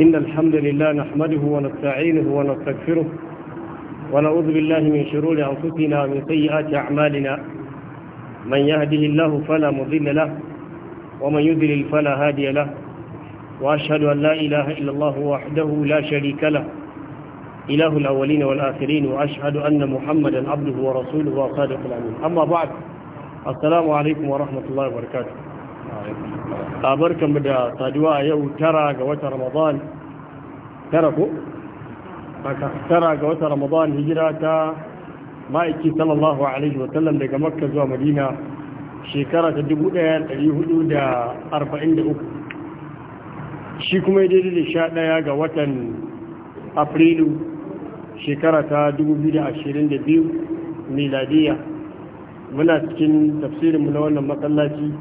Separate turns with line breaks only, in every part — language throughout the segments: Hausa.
إن الحمد لله نحمده ونستعينه ونستغفره ونعوذ بالله من شرور أنفسنا ومن سيئات أعمالنا من يهده الله فلا مضل له ومن يذلل فلا هادي له وأشهد أن لا إله إلا الله وحده لا شريك له إله الأولين والآخرين وأشهد أن محمدا عبده ورسوله وصادق الأمين أما بعد السلام عليكم ورحمة الله وبركاته labar kamar da saduwa yau tara ga wata ramadan tara ko? tara ga wata ramadan hijira ta ma'aiki sallallahu alaihi wasallam daga makka zuwa madina shekara ta 1443 shi kuma ya daidai da sha daya ga watan afrilu shekara ta 2022 miladiya muna cikin tafsirinmu na wannan matsalaci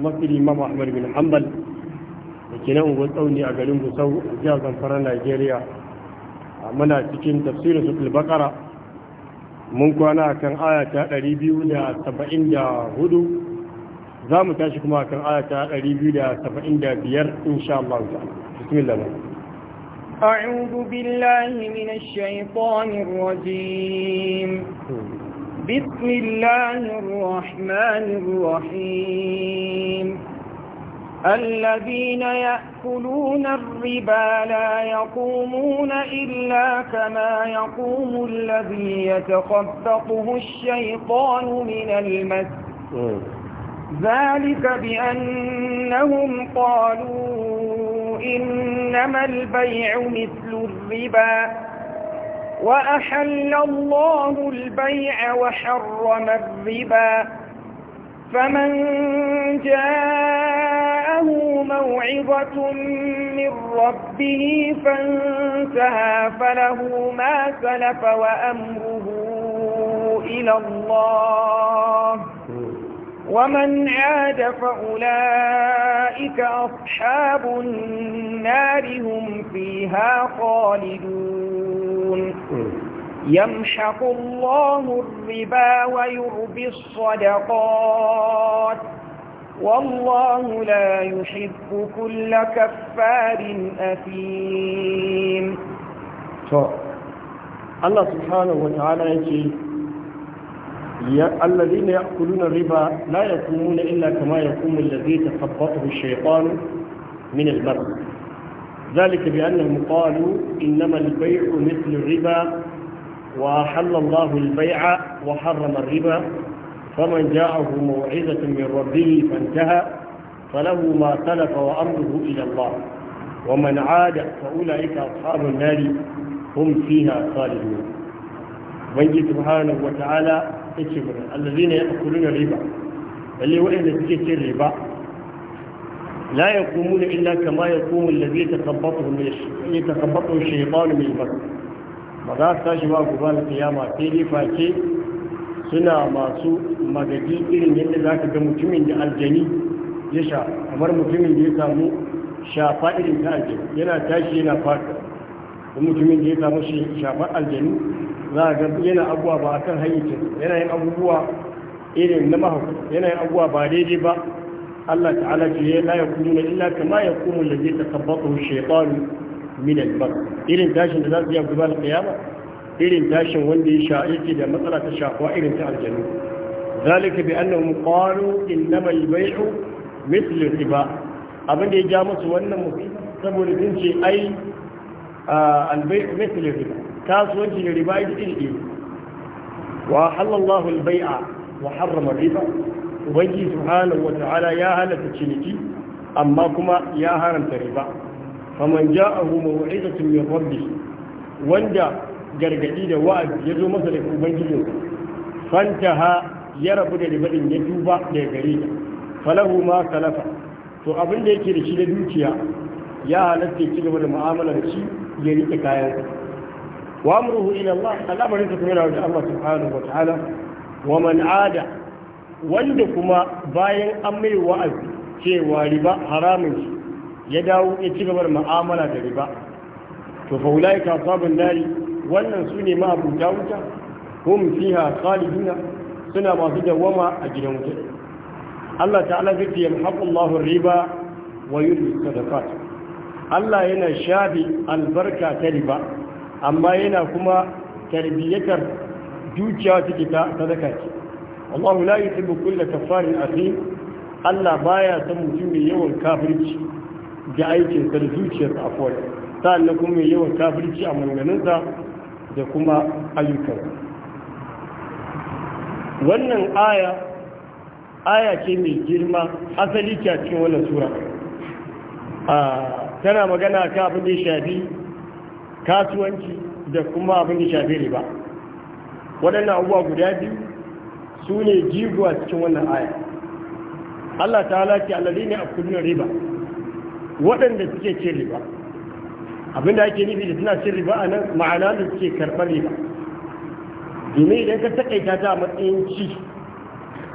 masjid imam ahmad bin hanbal da ke nan unguwar tsauni a garin gusau a jihar zamfara nigeria mana cikin tafsirin su bakara mun kwana a kan aya ta 274 za mu tashi kuma a kan aya ta 275 insha Allah ta'ala bismillah
أعوذ بالله من الشيطان الرجيم بسم الله الرحمن الرحيم الذين يأكلون الربا لا يقومون إلا كما يقوم الذي يتخبطه الشيطان من المس ذلك بأنهم قالوا إنما البيع مثل الربا وأحل الله البيع وحرم الربا فمن جاءه موعظة من ربه فانتهى فله ما سلف وأمره إلى الله ومن عاد فأولئك أصحاب النار هم فيها خالدون يعلمون
يمشق
الله الربا ويربي الصدقات والله لا يحب كل كفار أثيم
الله سبحانه وتعالى يا الذين يأكلون الربا لا يقومون إلا كما يقوم الذي تخبطه الشيطان من المرض ذلك بأنهم قالوا إنما البيع مثل الربا وأحل الله البيع وحرم الربا فمن جاءه موعظة من ربه فانتهى فله ما سلف وأمره إلى الله ومن عاد فأولئك أصحاب النار هم فيها خالدون بنجي سبحانه وتعالى الذين يأكلون الربا اللي وإن تكسر الربا لا يقومون إلا كما يقوم الذي يتخبطه من يتخبطه الشيطان من البر ماذا تجمع قبال القيامة تيري فاتي سنة ماسو مددي إلين يلي ذاك بمتمين الجني يشع أمر متمين يسامو شافاء إلين الجني ينا تاشي ينا فاكر ومتمين يسامو شافاء الجني ذاك ينا أبوا باكا هيتن ينا ين أبوا إلين نمهو ينا ين أبوا باريدي باكر Allah ta'ala ce ya la yakununa illa kama yakumu allazi takabbathu shaytanu min al-bar irin tashin da za su yi a gaban kiyama irin tashin wanda ya sha yake da matsala ta shafa irin ta aljanu zalika bi annahum qalu innama al-bay'u mithlu riba abin da ya ja musu wannan musiba saboda sun ce ai al-bay'u mithlu riba kasuwanci da riba iri iri wa halallahu al-bay'a wa harrama riba ubangiji subhanahu wata'ala ya halatta ciniki amma kuma ya haranta riba faman ja'ahu maw'izatun min wanda gargadi da wa'azi ya zo masa da ubangijinsa fantaha ya rabu da riba din ya duba daga gare ta falahu ma salafa to abin da yake da shi da dukiya ya halatta ci gaba da mu'amala da shi ya rike kayan wa amruhu ila Allah al'amarin ta kuma da Allah subhanahu wa ta'ala wa man ada wanda kuma bayan an mai wa'azi cewa riba haramun shi ya dawo ya ci gaba da ma'amala da riba to fa ulai ka sabun dari wannan su ne ma'abuta wuta hum fiha khaliduna suna masu dawama a gidan wuta Allah ta'ala zai yamhaqu Allahu riba wa yurbi sadaqat Allah yana shafi albarka ta riba amma yana kuma tarbiyyatar dukiya take ta sadaka ce wallahu la yuhibbu kulla kaffarin athim Allah baya son mutum mai yawan kafirci da aikin da zuciyarsa afwai sannan kuma mai yawan kafirci a manganinsa da kuma ayyukan. wannan aya aya ce mai girma asali ce a sura tana magana ka abin da ya shafi kasuwanci da kuma abin da ya shafi riba waɗannan uwa guda biyu su ne jigo a cikin wannan aya Allah ta halaki allari ne a kullum riba waɗanda suke cin riba abinda ake nufi da suna cin riba a nan ma'ana da suke karɓar riba domin idan ka taƙaita ta a matsayin ci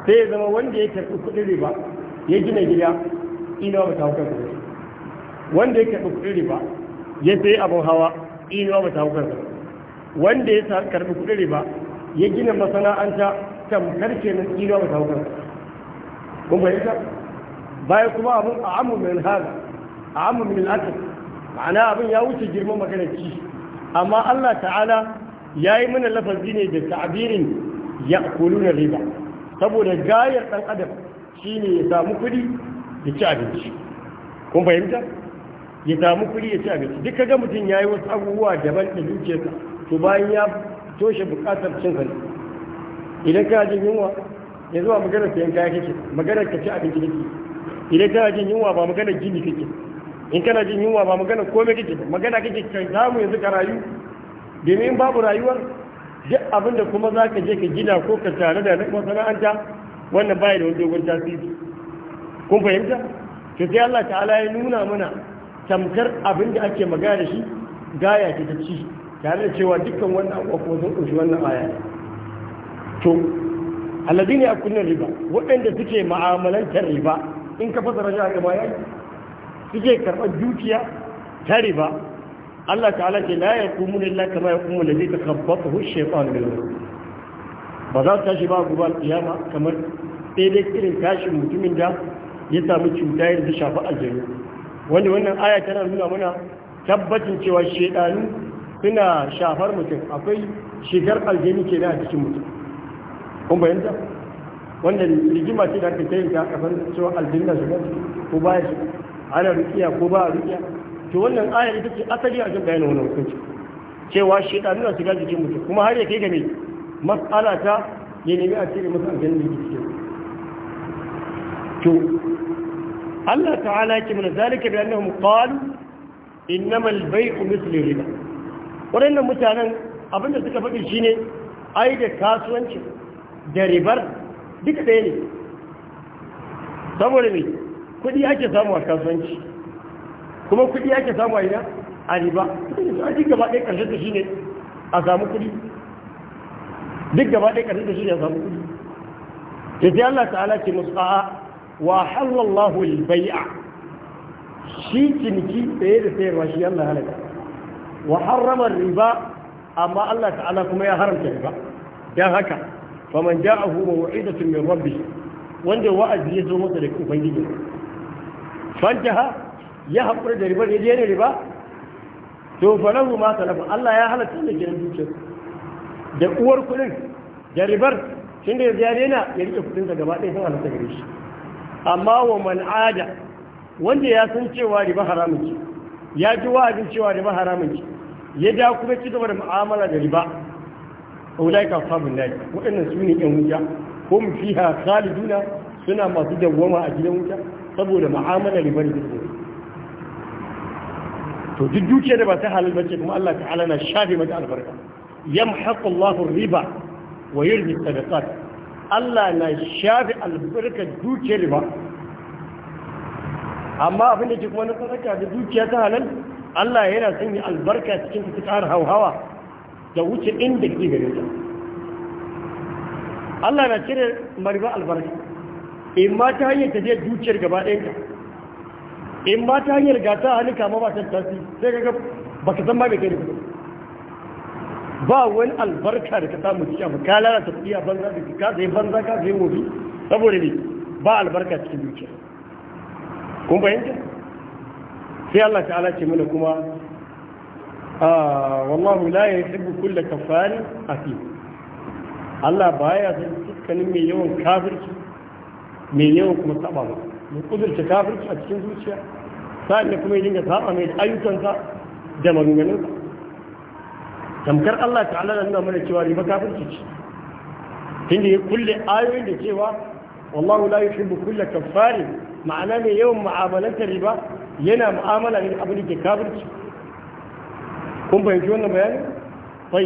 sai ya zama wanda ya karɓi kuɗin riba ya gina gida ina ba ta hukar kuɗi wanda ya karɓi kuɗin riba ya sayi abin hawa ina ba ta hukar kuɗi wanda ya karɓi kuɗin riba ya gina masana'anta tamkar na kila ba ta hukar kun fahimta bayan kuma abin a amu min hada a amu min al'akar ma'ana abin ya wuce girman maganar ci amma Allah ta'ala ya yi mana lafazi ne da ta'abirin ya kulu na riba saboda gayar ɗan adam shi ne ya samu kuɗi ya ci abinci kun fahimta ya samu kuɗi ya ci abinci duk kaga mutum ya yi wasu abubuwa daban da dukiyarsa to bayan ya toshe buƙatar cin hannu idan kana jin yunwa yanzu ba maganar sayan kaya kake maganar ka ci abinci kake idan kana jin yunwa ba maganar gini kake in kana jin yunwa ba maganar komai kake magana kake ka samu yanzu ka rayu domin babu rayuwar duk da kuma za ka je ka gina ko ka tare da masana'anta wannan baya da wani dogon tasiri kun fahimta to sai Allah ta'ala ya nuna mana tamkar abin da ake magana da shi gaya ta ci tare da cewa dukkan wannan abubuwa sun ƙunshi wannan aya to alladhi ne akulun riba waɗanda suke ma'amalantar riba in ka fasara shi a gaba ya suke karɓar dukiya ta riba Allah ta'ala ce la yaqumu illa kama yaqumu alladhi takhabbathu ash-shaytanu min ba za su shi ba gobe kiyama kamar daidai irin tashin mutumin da ya samu cuta yadda shafi aljanu wani wannan aya tana nuna mana tabbacin cewa shaidanu suna shafar mutum akwai shigar aljanu ke na cikin mutum kun bayanta wannan rigima ce da aka ta yin ta kafar cewa aljanna shiga ko baya shiga ana rukiya ko ba a rukiya to wannan ayar ita ce asali a jin bayanin wannan hukunci cewa shedanu na shiga jikin mutum kuma har ya kai ga me mas'ala ta ya nemi a cire masa aljanna da cikin to Allah ta'ala ke mana zalika bi annahum qalu innama al-bay'u mithlu riba wadannan mutanen abinda suka faɗi shine ai da kasuwanci da ribar duka ɗaya ne saboda mai kuɗi ake samu a kasuwanci kuma kuɗi ake samu a ina a riba a duk gaba ɗaya ƙarshen da shi ne a samu kuɗi duk gaba ɗaya ƙarshen da shi ne a samu kuɗi da sai Allah ta'ala ce musu a'a wa halallahu baia shi ciniki tsaye da sayarwa shi Allah halaka wa harrama riba amma Allah ta'ala kuma ya haramta riba dan haka فمن جاءه maw'idatun من ربه wanda wa'azi ya zo masa فانجها يهب قرد ya haƙura da riba ne ما riba to يا ma talafa Allah ya halatta da da uwar kuɗin da ribar tun da ya daina ya rike kuɗin da gaba ɗaya sun halatta gare amma wa ada wanda ya san cewa riba haramun ya ji wa'azin cewa riba haramun ya ja kuma ci gaba da mu'amala da riba ulaika ashabun nar waɗannan su ne yan wuta hum fiha khaliduna suna masu dawama a gidan wuta saboda mu'amala liman yusuf to duk dukiyar da ba ta halal bace kuma Allah ta'ala na shafe mata albarka yamhaqu Allahu riba wa yurbi sadaqat Allah na shafe albarka dukiyar riba amma abinda da ke kuma na da dukiya ta halal Allah yana sanya albarka cikin ta hauhawa da wuce inda ke gare ta Allah na cire mariba albarka in ma ta hanyar ta je dukiyar gaba ɗayanka in ma ta hanyar ga ta hannuka ma ba ta tasi sai ga ba ka san ma mai kai da ba wani albarka da ka samu cikin abu ka lalata kuɗi a banza da ka zai banza ka zai wobi saboda ne ba albarka cikin dukiyar kun bayanta sai Allah ta'ala ce mana kuma wallahu la yuhibbu kulla kafarin afi Allah baya son dukkanin mai yawan kafirci mai yawan kuma taɓa ba mu kudurce kafirci a cikin zuciya sa'an da kuma ya dinga taɓa mai ayyukansa da maganganunsa tamkar Allah ta'ala da nuna mana cewa riba kafirci ce Tun da ya kulle ayoyin da cewa wallahu la yuhibbu kulle kafari, ma'ana mai yawan ma'amalanta riba yana mu'amala ne da abin da ke kafirci kun fahimci wannan bayanin sai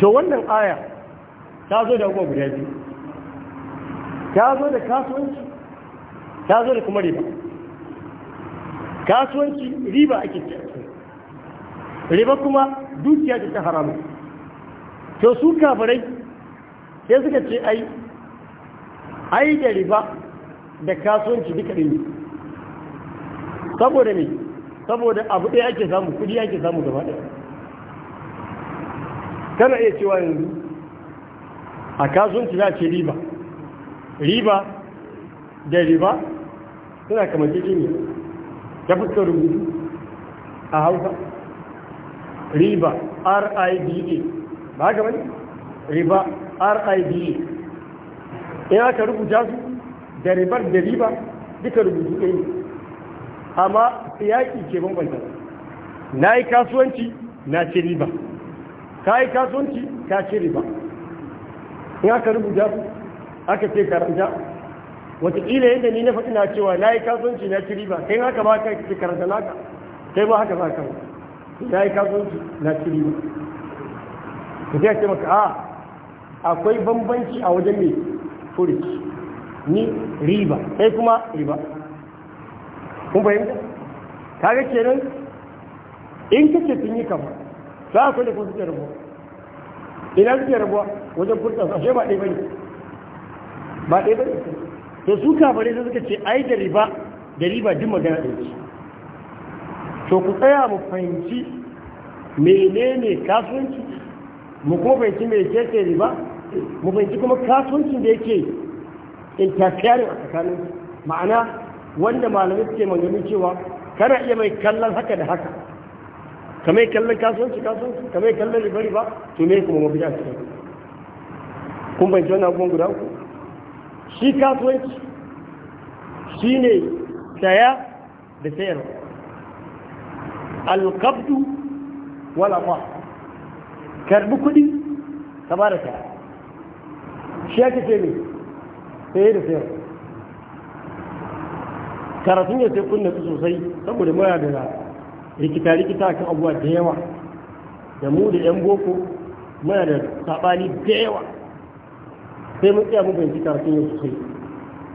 to wannan aya ta zo da abubuwa guda biyu ta zo da kasuwanci ta zo da kuma riba kasuwanci riba ake ce riba kuma dukiya ce ta haramu to su kafirai sai suka ce ai ai da riba da kasuwanci duka ɗin saboda ne saboda abu ɗaya ake samu kuɗi ake samu gaba ɗaya kana iya cewa yanzu a kasuwanci za ce riba riba da riba suna kamar cikin ne ta fuskar rubutu a hausa riba riba ba haka bane riba riba in aka rubuta su da ribar da riba duka rubutu ɗaya amma yaƙi ke bambanta na yi kasuwanci na ce riba ka yi kasuwanci ka ce riba in aka rubuta aka ce karanta wataƙila yadda ni na faɗi na cewa na yi kasuwanci na ci riba kai haka ba ka ce karanta naka kai ba haka ba ka na yi kasuwanci na ci riba ta ce ce maka a ah, akwai bambanci a wajen mai furici ni riba kai kuma riba kun fahimta kaga kenan in kace sun yi kama, za ku da kuma suke rubuwa ina suke rubuwa wajen furta su ashe ba ɗaya bane ba ɗaya bane to su kafare sai suka ce ai da riba da riba duk magana ɗaya ce to ku tsaya mu fahimci menene kasuwanci mu kuma fahimci me ke riba mu fahimci kuma kasuwancin da yake interfering a tsakanin ma'ana wanda malamai suke maganganu cewa kana iya mai kallon haka da haka mai kallon kasuwanci kasuwanci mai kallon ribari ba to ne kuma mabiya su ne kun bai jona abubuwan guda uku shi kasuwanci shi ne saya da sayar alkabdu wala ba karbi kuɗi ka ba da saya shi ake ce ne saye da sayarwa karatun ya sai kunna sosai saboda muna da rikita-rikita kan abuwa da yawa da mu da 'yan boko muna da saɓani da yawa sai mun tsaya mun fahimci karatun ya sosai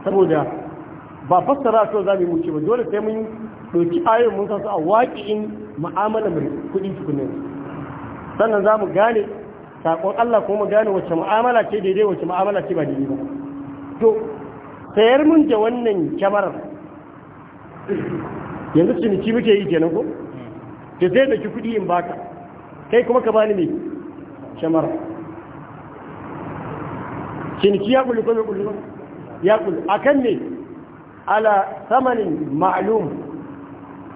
saboda ba fassara so za mu wuce ba dole sai mun ɗauki ayon mun san su a waƙi'in ma'amala mai kuɗi tukunan sannan za mu gane saƙon Allah kuma gane wacce ma'amala ce daidai wacce ma'amala ce ba daidai ba to sayar mun da wannan kyamarar yanzu ciniki muke yi kenan ko da zai daki kudi in baka kai kuma ka bani mai shamar ciniki ya kulli kome kulli ya kulli a kan ne ala samanin ma'alum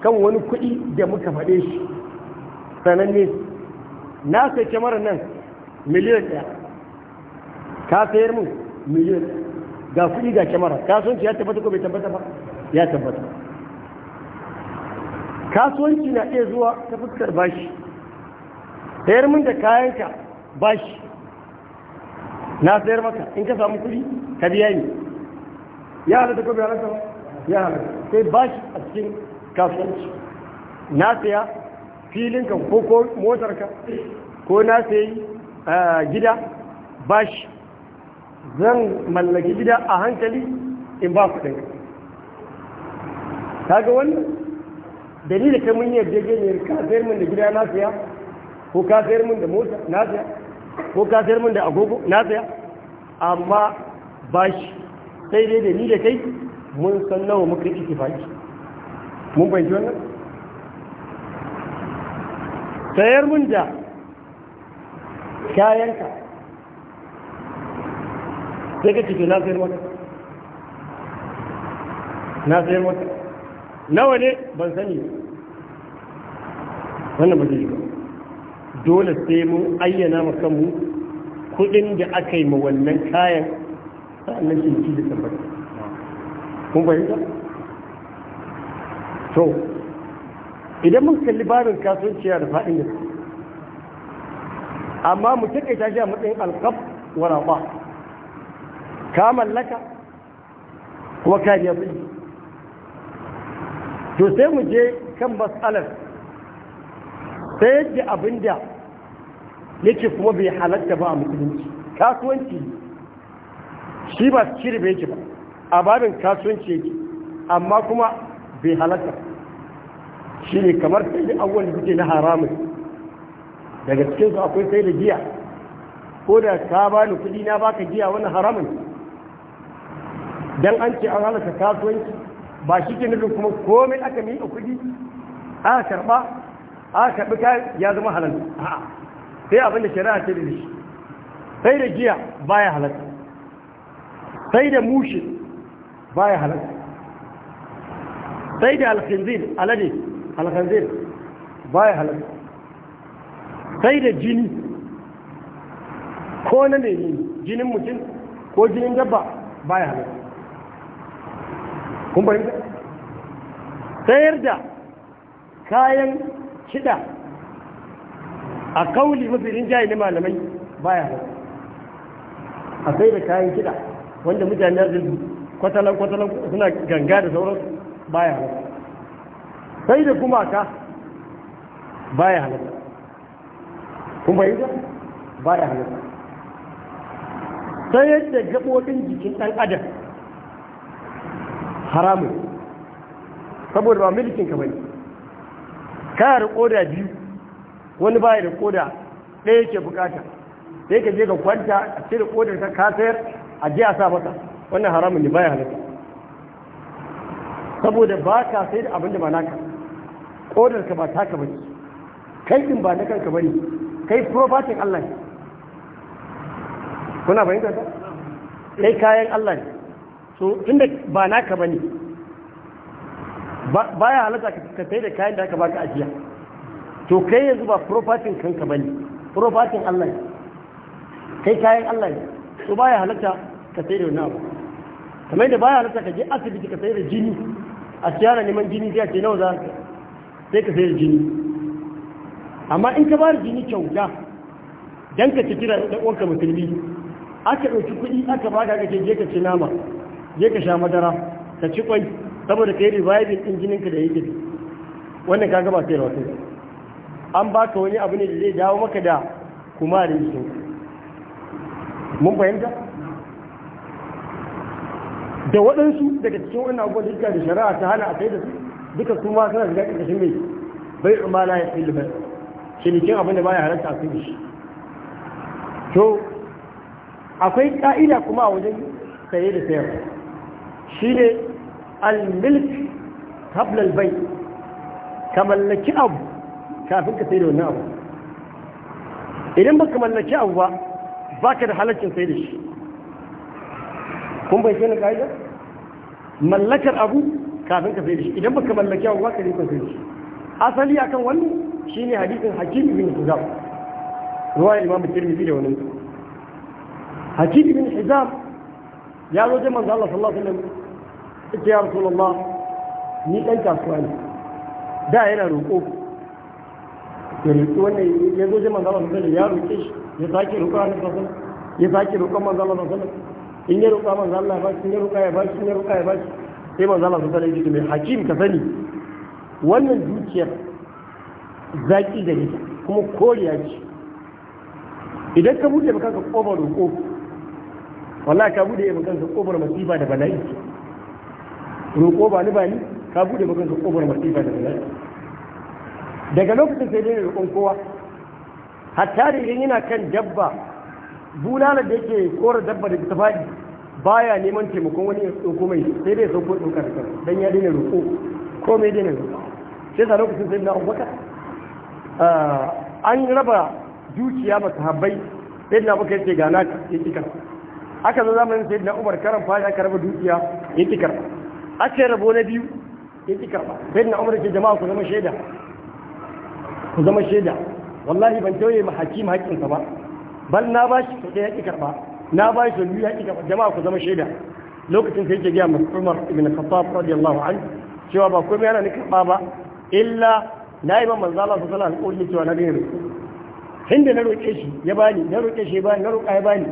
kan wani kudi da muka faɗe shi sananne na sai shamar nan miliyan ɗaya ka sayar mu miliyan ga kudi ga shamar kasuwanci ya tabbata ko bai tabbata ba ya tabbata kasuwanci na iya zuwa ta fuskar bashi sayar min da kayanka bashi na sayar maka in ka samu kuɗi ka biya ni ya halatta ko bai halatta ba ya halatta sai bashi a cikin kasuwanci na saya filinka ko ko motarka ko na sayi gida bashi zan mallaki gida a hankali in ba ka ga wannan dalilin ta mun yi geniyar ne sayar mun da gida na siya ko ka mun da mota na siya ko ka mun da agogo na siya amma bashi sai dai da ni da kai mun san nawa muka yi kifaji mun fahimci wannan sayar mun da kayanka sai ka ciki na sayar wata, na sayar wata. nawa ne ban sani wannan ba zai ba dole sai mun ayyana ma kanmu kudin da aka yi ma wannan kayan sa'annan shi ci da tabbata kun fahimta to idan mun kalli babin kasuwanci da faɗin da amma mu takaita shi a matsayin alkaf wa raba ka mallaka kuma ka biya kuɗi to sai mu je kan matsalar ta yadda abin da yake kuma bai halatta ba a musulunci kasuwanci shi ba su cire bai ba a babin kasuwanci yake amma kuma bai halatta shi ne kamar sai da awon suke na haramun daga cikinsu akwai sai da giya ko da ka ba ni kudi na baka giya wani haramun don an ce an halatta kasuwanci ba shi ke nufin kuma komai aka miƙa kuɗi aka karɓa aka karɓi kayan ya zama halal a'a sai abinda shari'a ce da shi sai da giya baya halal sai da mushi baya halal sai da alkhinzir alade ba baya halal sai da jini ko na ne jinin mutum ko jinin dabba baya halal kun fahimta sayar da kayan kiɗa a kauli mafi rinjaye na malamai baya a sai da kayan kiɗa wanda mutane da su kwatalan-kwatalan suna ganga da sauransu baya halatta sai da gumaka baya halatta kun da baya halatta sayar da gabobin jikin ɗan adam haramun saboda ba milikin ka bane kana da koda biyu wani baya da koda ɗaya yake bukata sai ka je ka kwanta a cire kodar ka ka sayar a je a sa mata wannan haramun ne baya halatta saboda ba ka sai da abin da ba naka kodar ka ba taka bane kai din ba na kanka bane kai property Allah ne kuna bayyana ta kai kayan Allah ne so inda ba naka bane ya halatta ka sai da kayan da aka baka ajiya to kai yanzu ba property kanka bane profatin Allah ne kai kayan Allah ne ba ya halatta ka sai da wani abu kamar da ya halatta ka je asibiti ka sai da jini a siyara neman jini ya ce nawa za ka sai ka sai da jini amma in ka ba da jini kyauta dan ka ci kira ɗan uwanka musulmi aka ɗauki kuɗi aka ba ka ka je ka ci nama je ka sha madara ka ci kwai saboda ka yi revival din jininka da yake wannan ka gaba sai rawatin an baka wani abu ne da zai dawo maka da kuma da jikin mun fahimta da waɗansu daga cikin wannan abubuwan da da shari'a ta hana a kai da su duka kuma suna shiga ƙarƙashin mai bai la ya fi shi ne abin da baya halatta a kuma shi to akwai ka'ida kuma a wajen saye da sayarwa shine al-milk qabla al ka mallaki abu kafin ka sai da wannan abu idan baka mallaki abu ba baka da halaccin sai da shi kun bai shi na ka'ida mallakar abu kafin ka sai da shi idan baka mallaki abu baka da ikon sai da shi asali akan wannan shine hadisin hakim ibn hizab ruwa imam tirmidhi da wannan hakim ibn hizab ya zo da manzo Allah sallallahu alaihi wasallam ce ya rasulullah ni ɗan kasuwa ne da yana roƙo ya roƙi wannan ya zo jiman zama sosai ya roƙe shi ya sake roƙo a nufasa ya sake roƙo man zama sosai in ya roƙa man zama ba shi ya roƙa ya ba shi ya roƙa ya ba shi sai man zama sosai ya mai hakim ka sani wannan dukiyar zaƙi da ita kuma koriya ce idan ka buɗe ba ka ƙofar roƙo wallahi ka buɗe ba ka ƙofar masifa da bala'i roƙo ba ni ba ni ka bude maka ka kofar masifa da bala'i daga lokacin sai dai roƙon kowa hatta da idan yana kan dabba bulalar da yake kora dabba da ta faɗi baya neman taimakon wani ya tsoko mai sai dai sauko da kan dan ya daina roƙo ko mai daina roƙo sai sa lokacin sai na abubakar ah, an raba dukiya masahabbai sai na abubakar ya ce ga naka ya ƙi aka zo zamanin sai na umar karan fara aka raba dukiya ya ƙi ake rabo na biyu ya ƙi karɓa bai na umar ke jama'a ku zama shaida ku zama shaida wallahi ban tauye ma hakim haƙƙinsa ba bal na ba shi kuɗi ya ƙi karɓa na ba shi biyu ya ƙi karɓa jama'a ku zama shaida lokacin sai yake gaya ma umar ibn khattab radiyallahu an cewa ba komai yana ni karɓa ba illa na yi ma manzo Allah sallallahu alaihi wasallam cewa na bin roƙo da na roƙe shi ya bani na roƙe shi ya bani na roƙa ya bani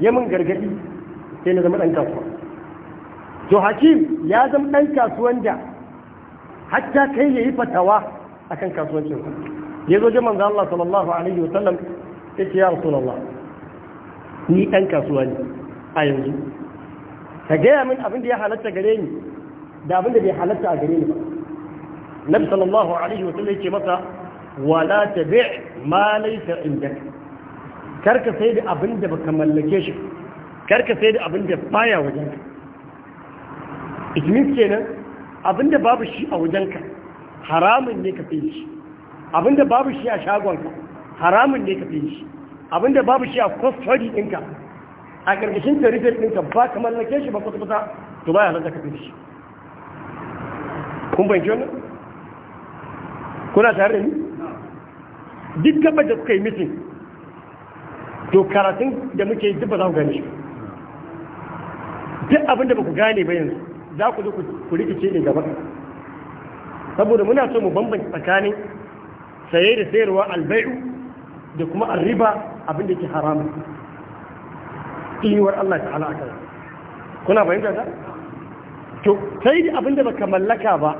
ya min gargaɗi sai na zama ɗan kasuwa to hakim ya zama ɗan kasuwan da hatta kai ya yi fatawa a kan kasuwancin ya zo jaman Allah sallallahu alaihi wa sallam ya ce ya rasulallah ni ɗan kasuwa ne a yanzu ka gaya min abin da ya halatta gare ni da abin da bai halatta a gare ni ba na bi sallallahu alaihi wa sallam ya ce masa wala tabi ma laysa indaka karka sai da abin da baka mallake shi karka sai da abin da baya wajenka it means kenan abinda babu shi a wajenka haramun ne ka fi shi abinda babu shi a shagonka haramun ne ka fi shi abinda babu shi a kwastori ɗinka a ƙarƙashin tarifin ɗinka ba kamar na ke shi ba kwata-kwata to ba ya halatta ka fi shi kun banki wannan kuna tare da ni duk gaba da kuka yi mitin to karatun da muke duk ba za ku gane shi duk abinda ba ku gane ba yanzu za ku ku rikice ne gaba saboda muna so mu bambanta tsakanin saye da sayarwa albai'u da kuma arriba abinda ke haramun inuwar Allah ta'ala akan kuna fahimta ta to sai da abinda baka mallaka ba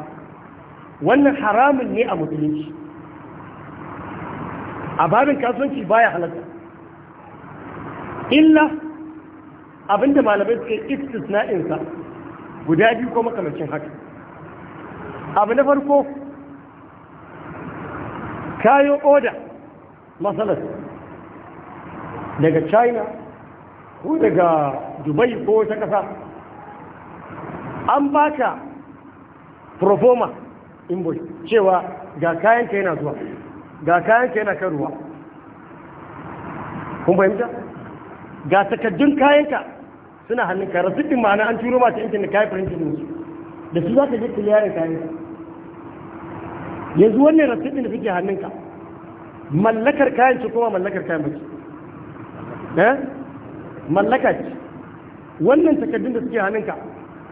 wannan haramun ne a musulunci a babin kasuwanci baya halatta illa abinda malamai suke istisna'insa guda biyu ko makamacin haka abu na farko kayo oda matsalar daga china ko daga dubai ko ta kasa an baka proforma invoice cewa ga kayanka yana zuwa ga kayanka yana kan ruwa kun fahimta ga takaddun kayanka suna hannun kayan rasit ma'ana an turo ma ta yankin da printing din su da su za ka je clearing kayan ka yanzu wannan rasit da suke hannun ka mallakar kayan ce kuma mallakar kayan bace eh mallaka ce wannan takardun da suke hannun ka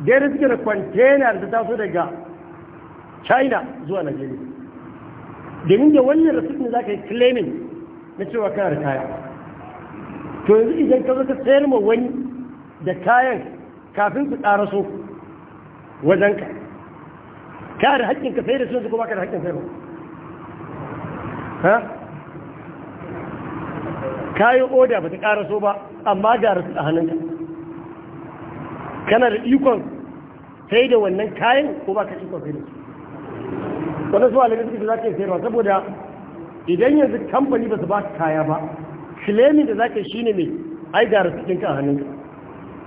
daidai suke da kwantenar da taso daga China zuwa Najeriya domin da wannan rasit za ka yi claiming na cewa kayan da kaya to yanzu idan ka zo ka sayar ma wani da kayan kafin su ƙaraso wajenka ka da ka sai da sunsu su kuma ka da haƙƙin sai ba ka yi oda ba ta so ba amma ga rasu a hannunka kana da ikon sai da wannan kayan ko ba ka ikon sai da su wadda su alamin za ka yi sayarwa saboda idan yanzu kamfani ba su ba ka kaya ba claiming da za ka shi ne mai ai ga rasu ɗinka a hannunka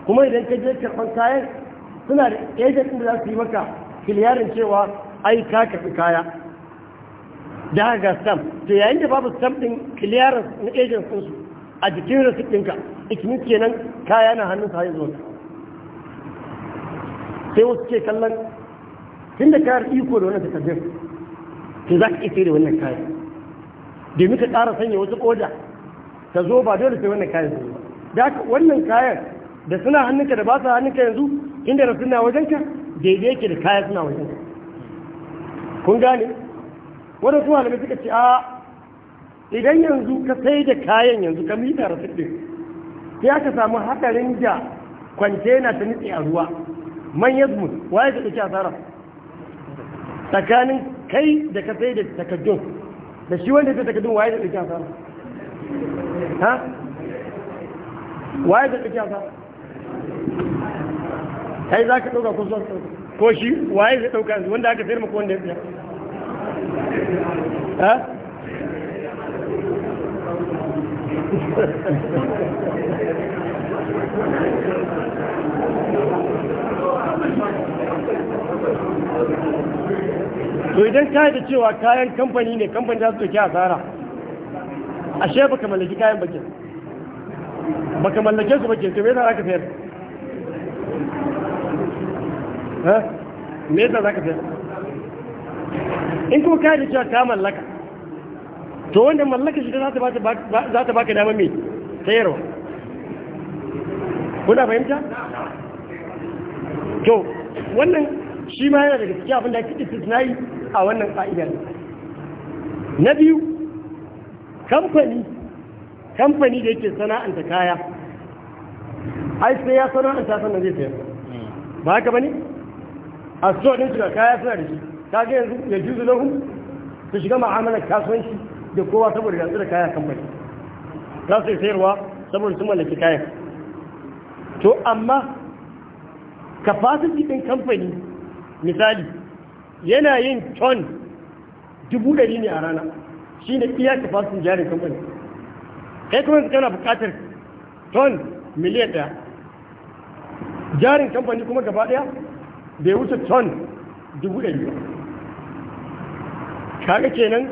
kuma idan ka je karɓar kayan suna da agent da za su yi maka kiliyarin cewa ai ka karɓi kaya da haka stamp to yayin da babu stamp din kiliyarin na agent su a jikin receipt ɗinka ikimin kenan kaya na hannun sa zuwa sai wasu ke kallon tun da kayar iko da wannan takardun to za ka iya da wannan kayan domin ka ƙara sanya wata ƙoda ta zo ba dole sai wannan kayan su ba da wannan kayan da suna hannunka da ba su hannunka yanzu inda da suna wajenka daidai yake da kaya suna wajenka kun gane wadda su halibai suka ce a idan yanzu ka sai da kayan yanzu ka mita rasu ɗin sai aka samu hakarin da kwantena ta nitse a ruwa man yazmus waye ka ɗauki asara tsakanin kai da ka sai da takaddun da shi wanda sai takaddun waye da ɗauki asara ha waye da ɗauki asara kai za ka ɗauka kusan ko shi waye zai ɗauka yanzu wanda aka sayar maka wanda ya tsaya ha to idan ka da cewa kayan kamfani ne kamfani za su ɗauki asara ashe baka mallaki kayan bakin baka mallake su bakin sai mai tsara za ka sayar meza za ka sayar in kuma ka da cewa ka mallaka to wanda mallaka shi za ta baka dama mai sayarwa kuna fahimta? to wannan shi ma yana daga cikin abin da ake yi a wannan ƙa'idar na biyu kamfani kamfani da yake sana'anta kaya ai sai ya sana'anta sannan zai sayar ba haka ba ne? a so ne su kaya suna da shi ta ga yanzu ya juzu na hun su shiga ma'amalar kasuwanci da kowa saboda yanzu da kaya kan bai za su sayarwa saboda sun mallaki kayan to amma capacity ɗin kamfani misali yana yin ton dubu ɗari ne a rana shi ne iya capacity jarin kamfani kai kuma su kana buƙatar ton miliyan ɗaya jarin kamfani kuma gaba ɗaya bai wuce ton dubu ɗari ba kaga kenan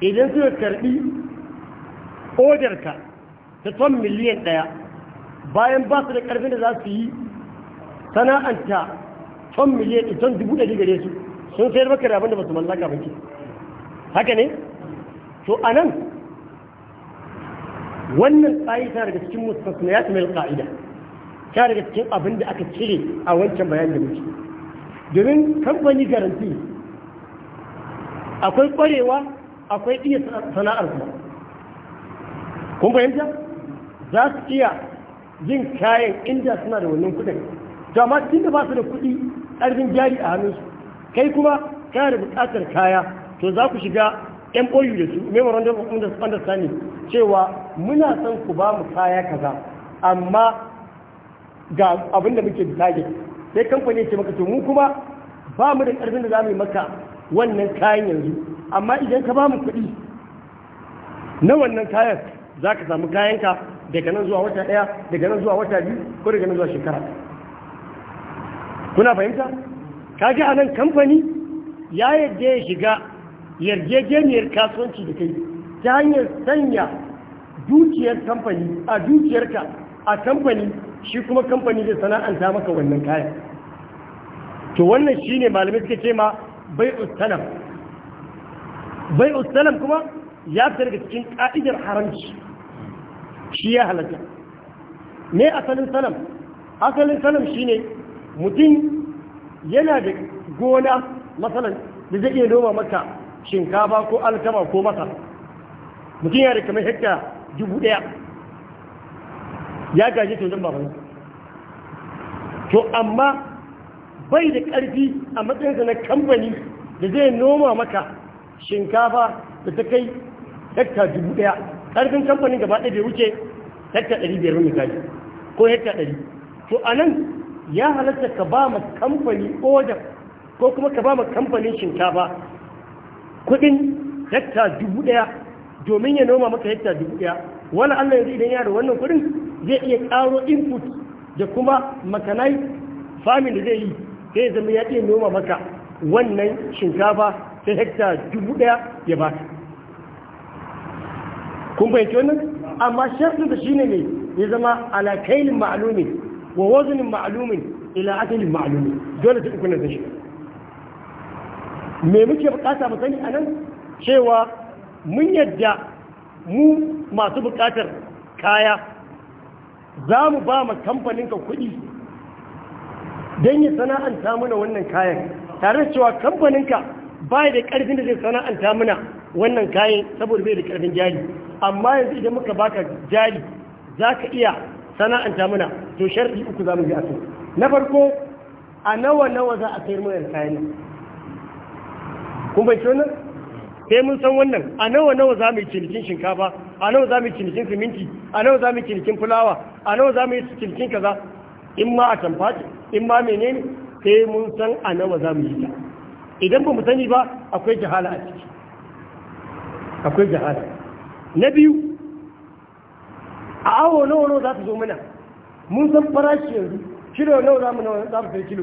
idan suka karɓi odarka ta ton miliyan ɗaya bayan ba su da ƙarfin da za su yi sana'anta ton miliyan ton dubu ɗari gare su sun sayar maka da abin da ba su mallaka ba ke haka ne to a nan wannan tsayi tare daga cikin mustasniyat mai ƙa'ida ta daga cikin abin da aka cire a wancan bayan da muke domin kamfani garanti akwai kwarewa akwai iya sana'ar kuma kun fahimta za su iya yin kayan inda suna da wannan kudin to amma tun da ba su da kudi ƙarfin jari a hannunsu kai kuma kana da buƙatar kaya to za ku shiga MOU da su memorandum of understanding cewa muna son ku ba mu kaya kaza amma ga abin da muke tage sai kamfani ce maka mu kuma ba mu da ƙarfin da za mu yi maka wannan kayan yanzu amma idan ka ba mu kuɗi na wannan kayan za ka samu kayanka daga nan zuwa wata ɗaya daga nan zuwa wata biyu ko daga nan zuwa shekara kuna fahimta kaga a nan kamfani ya yadda ya shiga yarjejeniyar kasuwanci da kai ta hanyar sanya dukiyar kamfani a dukiyarka a kamfani shi kuma kamfani zai sana'anta maka wannan kayan to wannan shi ne malamai suka ce ma bai ustalam bai ustalam kuma ya fi daga cikin ka'idar haramci shi ya halatta me asalin salam asalin salam ne mutum yana da gona matsalan da zai iya noma maka shinkafa ko alkama ko masa mutum yana da kamar hekta dubu ɗaya ya gaji to zan babansa to amma bai da ƙarfi a matsayinsa na kamfani da zai noma maka shinkafa da ta kai hekta dubu ɗaya ƙarfin kamfanin gaba ɗaya bai wuce hekta ɗari biyar misali ko hekta ɗari to a nan ya halatta ka ba ma kamfani order ko kuma ka ba ma kamfanin shinkafa kuɗin hekta dubu ɗaya domin ya noma maka hekta dubu ɗaya wani allah yanzu idan ya da wannan kuɗin zai iya ƙaro input da kuma makanai famin da zai yi sai zama ya iya noma maka wannan shinkafa ta hekta dubu ɗaya ya ba ka kun fahimci wannan amma shafin da shine ne ya zama alakailin ma'alumin wa wazanin ma'alumin ila ma'alumin dole ta ukunan zai shiga me muke bukata mu sani anan cewa mun yadda mu masu bukatar kaya za mu ba ma kamfaninka kuɗi don ya sana'anta mana wannan kayan tare da cewa kamfaninka ba da ƙarfin da zai sana'anta mana wannan kayan saboda bai da ƙarfin jari amma yanzu idan muka baka jari za ka iya sana'anta mana to sharɗi uku za mu bi a na farko a nawa nawa za a sayar mana kayan nan kun bai wannan? sai mun san wannan a nawa nawa za mu yi cinikin shinkafa a nawa za mu yi cinikin siminti a nawa za mu yi cinikin fulawa a nawa za mu yi cinikin kaza in ma a tamfati in ma menene sai mun san a nawa za mu yi ta idan ba mu sani ba akwai jahala a ciki akwai jahala na biyu a awo nawa nawa za ta zo mana mun san farashi yanzu kilo nawa za mu za mu sai kilo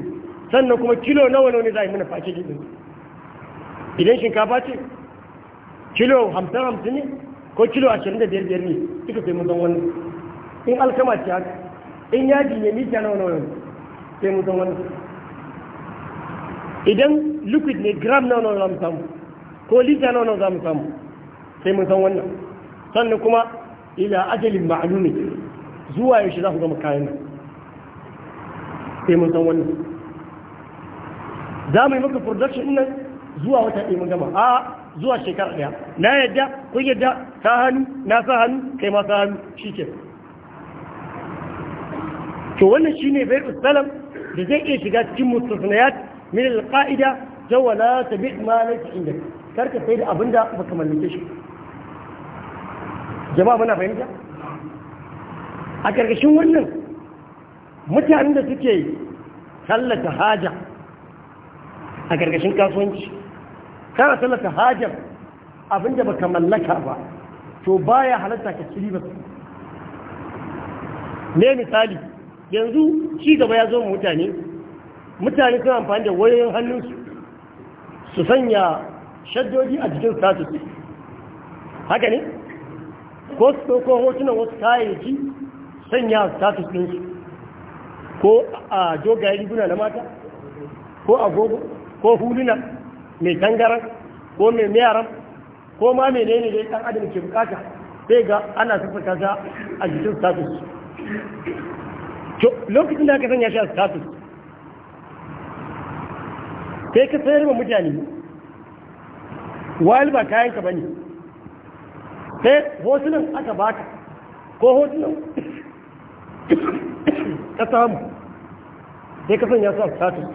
sannan kuma kilo nawa nawa ne za a yi mana fashe gidan idan shinkafa ce kilo hamsin hamsin ne ko kilo ashirin da biyar biyar ne suka sai mun wani in alkama ce haka in yaji ne mita na wani, sai mun wani idan liquid ne gram na wani za mu samu ko lita na wani za mu samu sai mun san wannan sannan kuma ila ajalin ma'alumi zuwa yaushe za ku gama kayan nan sai mun san wannan za mu yi maka production nan zuwa wata ɗaya mun gama a zuwa shekara ɗaya na yadda kun yadda ta hannu na sa hannu kai ma sa hannu shi ke to wannan shi ne bai salam da zai iya shiga cikin mustasnayat min alƙa'ida jawa la tabi ma inda karka sai da abin da baka mallake shi jama'a muna fahimta a ƙarƙashin wannan mutanen da suke tallata haja a ƙarƙashin kasuwanci kana tallata hajar abinda baka mallaka ba to baya halatta ka ci ba ne misali yanzu ci gaba ya zo mutane mutane suna amfani da wayoyin hannunsu su sanya shaddodi a jikin status haka ne ko su ɗauko hotunan wasu kayayyaki sanya status ɗinsu ko a dogayen riguna na mata ko agogo ko huluna mai tangaran ko mai mayaran ko ma menene da ɗan adam ke bukata sai ga ana sassaka ta a jikin status lokacin da aka sanya shi a status sai ka sayar wa mutane wani ba kayan ka bane sai hotunan aka baka ko hotunan ka samu sai ka sanya su a status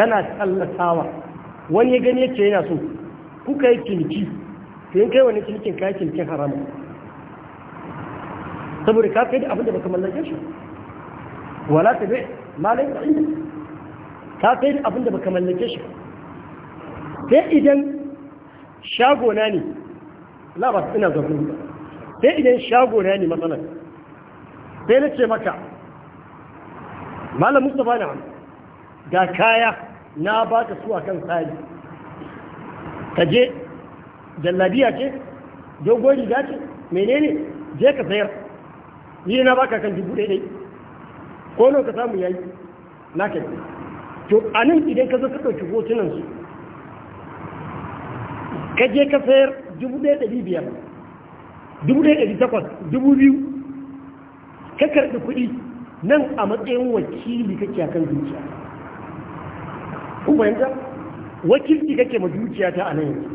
kana tsallatawa wani ya gani yake yana so kuka yi ciniki to in kai wani cinikin ka cinikin haramun saboda ka kai da abin da baka mallake shi wala ta bai malai da inda ka kai da abin da baka mallake shi sai idan shagona ne la ba ina zaɓi sai idan shagona ne matsalar sai na ce maka malam mustapha na ga kaya na ba su a kan tsari ka je jallabiya ce dogon riga ce menene je ka sayar ni na ka kan dubu ɗaya ko nawa ka samu yayi na ka to a nan idan ka zo ka ɗauki hotunan su ka je ka sayar dubu ɗaya ɗari biyar dubu ɗaya ɗari takwas dubu biyu ka karɓi kuɗi nan a matsayin wakili kake a kan zuciya kuma fahimta wakilci kake ma dukiya ta a nan yanzu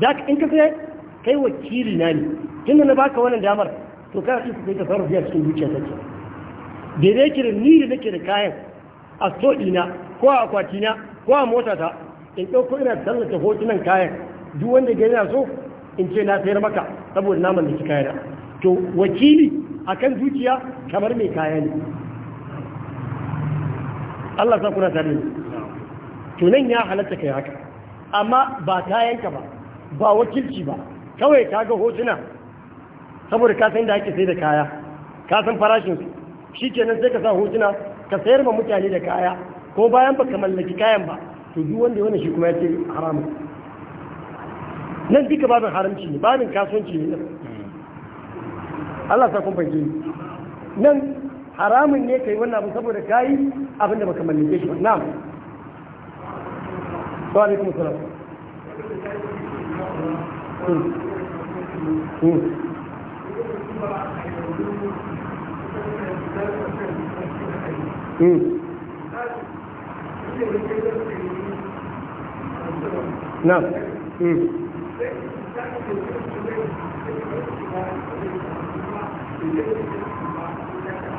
da in ka sai kai wakili na ne tunda na baka wannan damar to kana iya kai fara biya cikin dukiya ta ke da yake da ni da nake da kayan a so ɗina ko a na, ko a mota ta in ɗauko ina tallata hotunan kayan duk wanda ga yana so in ce na sayar maka saboda na mallaki kayana to wakili akan zuciya kamar mai kaya ne Allah sa kuna tare Tunan ya halatta kai haka amma ba kayanka ba ba wakilci ba kawai ka ga hotuna saboda ka san da ake sai da kaya ka san farashin su shikenan sai ka sa hotuna ka sayar ma mutane da kaya ko bayan baka mallaki kayan ba to duk wanda wani shi kuma ya ce haramun nan duka babin haramci ne babin kasuwanci ne Allah sa kun fahimci nan haramun ne kai wannan abu saboda kayi abinda baka mallake shi ba na'am wa alaikum salam نعم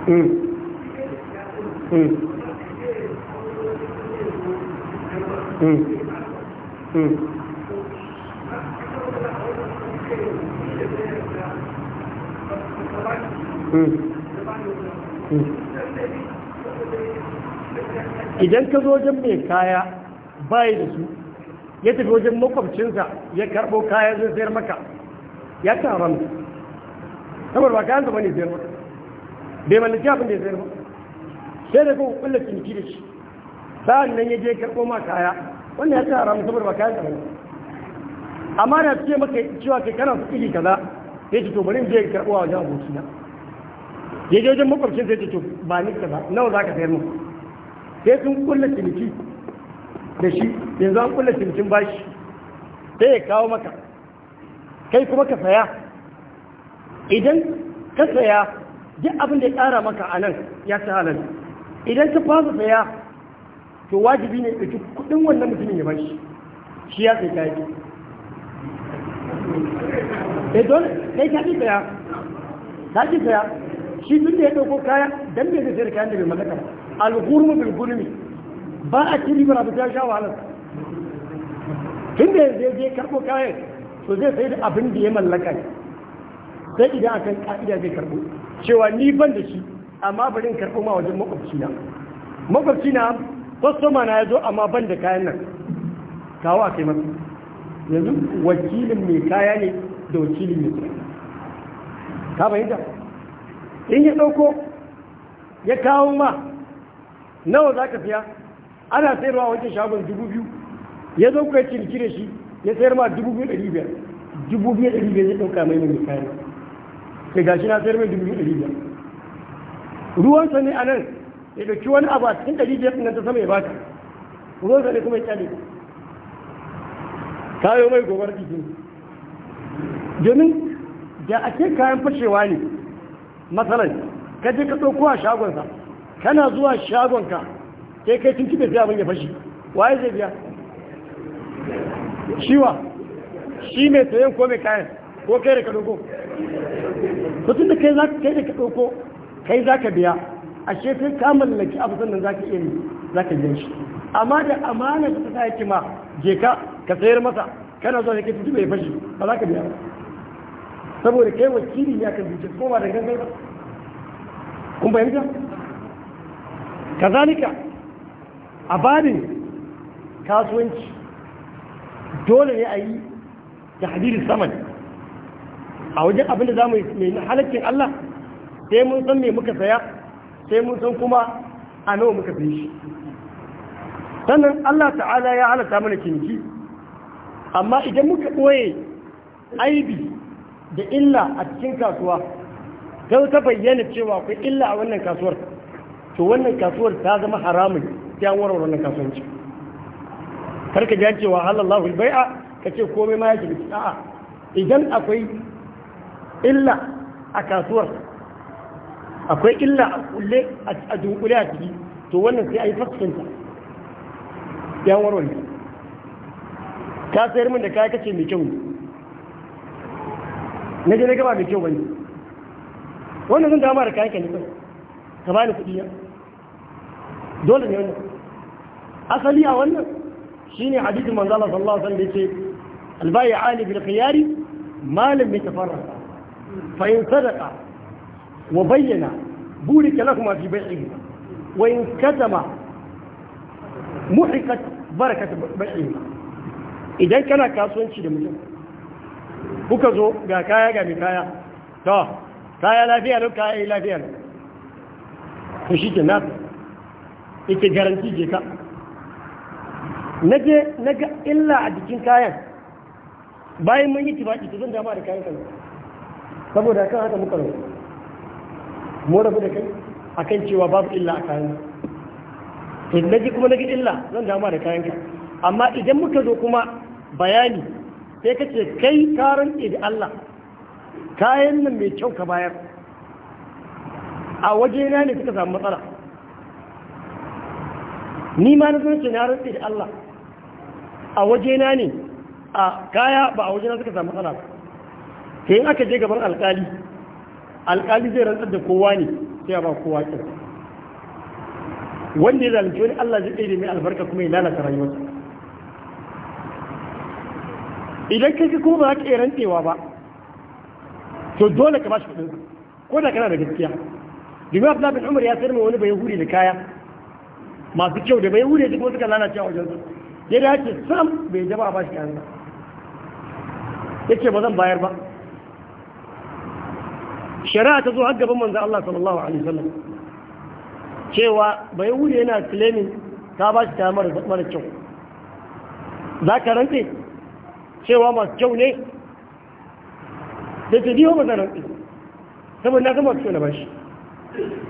Mm-hmm. Hmm. Hmm. idan
ka zo wajen mai kaya bayi da su ya tafi wajen makwabcinsa ya karbo kaya zai sayar maka ya ta haramta kamar ba kayan zama ne sayar maka bai mallaki abin da ya sayar maka sai da kuma kulla ciniki da shi sa'an nan ya je karbo ma kaya wannan ya ci haramun saboda ba kayan tsaron amma na ce maka cewa kai kana su iri kaza sai ce to bari in je karɓo a wajen abokina ya je wajen makwabcin sai ce to ba ni kaza nawa za ka sayar mu sai sun kulla ciniki da shi yanzu an kulla cinikin bashi sai ya kawo maka kai kuma ka saya idan ka saya duk abin da ya tsara maka a nan ya ta halar idan ka fasa saya to wajibi ne ɗauki kuɗin wannan mutumin ya bashi shi ya tsaye kayi eh dole kai ka ji tsaya ka ji tsaya shi tun da ya ɗauko kaya dan bai zai sayar kayan da bai mallaka ba al-ghurmu bil gulmi ba a ci ribar da ta sha wahalar tun da yanzu zai karɓo kayan to zai sai da abin da ya mallaka sai idan akan ka'ida zai karɓo cewa ni ban da shi amma bari in karɓo ma wajen makwabci na makwabci na kwastoma na ya zo amma ban da kayan nan kawo a kai yanzu wakilin mai kaya ne da wakilin mai kaya ka bayyanta in ya ɗauko ya kawo ma nawa za ka fiya? ana sayarwa wajen shagon dubu biyu ya zo kuwa ciniki da shi ya sayar ma dubu biyu ɗari biyar dubu biyu ɗari biyar ya ɗauka mai mai kayan sai gashi na sayar mai dubu biyu ɗari biyar ruwansa ne a nan ya dauki wani abu a cikin ɗari biyar ɗin ta sama ya baka ruwan sa ne kuma ya kyale kayo mai gobar jiki domin da a kayan fashewa ne matsalan ka je ka ɗauko a shagonsa kana zuwa shagonka sai kai tun kiɓe sai abin ya fashe waye zai biya shiwa shi mai sayan ko mai kayan ko kai da ka ɗauko kai kai da ka ɗauko kai za ka biya ashe kai ka mallaki abu sannan zaka iya zaka biyan shi amma da amana da ta yake ma je ka ka sayar masa kana zuwa kake tuntube ya fashi ba za ka biya ba saboda kai wakili ya kan zuciya ko ba da gangan ba kun fahimta kazalika a babin kasuwanci dole ne a yi da hadirin saman a wajen abin da za mu yi halaccin Allah sai mun san me muka saya sai mun san kuma a nawa muka fi shi sannan Allah ta'ala ya halatta mana kinki amma idan muka ɓoye aibi da illa a cikin kasuwa don ta bayyana cewa akwai illa a wannan kasuwar to wannan kasuwar ta zama haramun ta warware wannan kasuwanci karka ji cewa halallahu bai'a ka ce komai ma ya a'a idan akwai illa a kasuwar akwai illa a kulle a dunkule a ciki to wannan sai a yi fasfinta yan warware ka sayar min da kaya kace mai kyau na je na gaba mai kyau bane wannan sun dama da kayan ka ka bani kuɗi ya dole ne wannan asali a wannan shine hadisin manzo Allah sallallahu alaihi wasallam da yake albayi ali bil khiyari malam mai tafarra fa in sadaqa wa bayyana burika lakuma fi bai'ihi wa in katama muhiqat barakat bai'ihi idan kana kasuwanci da mutum kuka zo ga kaya ga mai kaya to kaya lafiya ne kaya lafiya ne to shi ke nafi ita garanti je ka naje illa a jikin kayan bayan mun yi tibaki to zan dama da kayan kan saboda kan haka muka rawa mu rabu da kai kan cewa babu illa a kayan to na ji kuma na ji illa zan dama da kayan ka amma idan muka zo kuma bayani sai ka ce kai karan da Allah kayan nan mai kyau ka bayar a waje na ne suka samu matsala ni ma na ce na rantsi da Allah a waje na ne a kaya ba a waje na suka samu matsala ba sai in aka je gaban alkali alƙali zai rantsar da kowa ne sai ya ba kowa kyau wanda ya zalunci wani Allah zai ɗaya mai albarka kuma ya lalata rayuwarsa idan kai kuma ba za ka iya rantsewa ba to dole ka ba shi kuɗin ko da kana da gaskiya domin Abdullah labin Umar ya sayar ma wani bai huri da kaya masu kyau da bai huri da kuma suka lalace a wajensa ya dace sam bai jaba ba shi kayan ba yake ba zan bayar ba shari'a ta zo har gaban manzo Allah sallallahu alaihi wasallam cewa bai wuri yana claiming ta ba shi ta mara kyau za ka rantse cewa masu kyau ne da ta ba za rantse saboda na gama kyau na bashi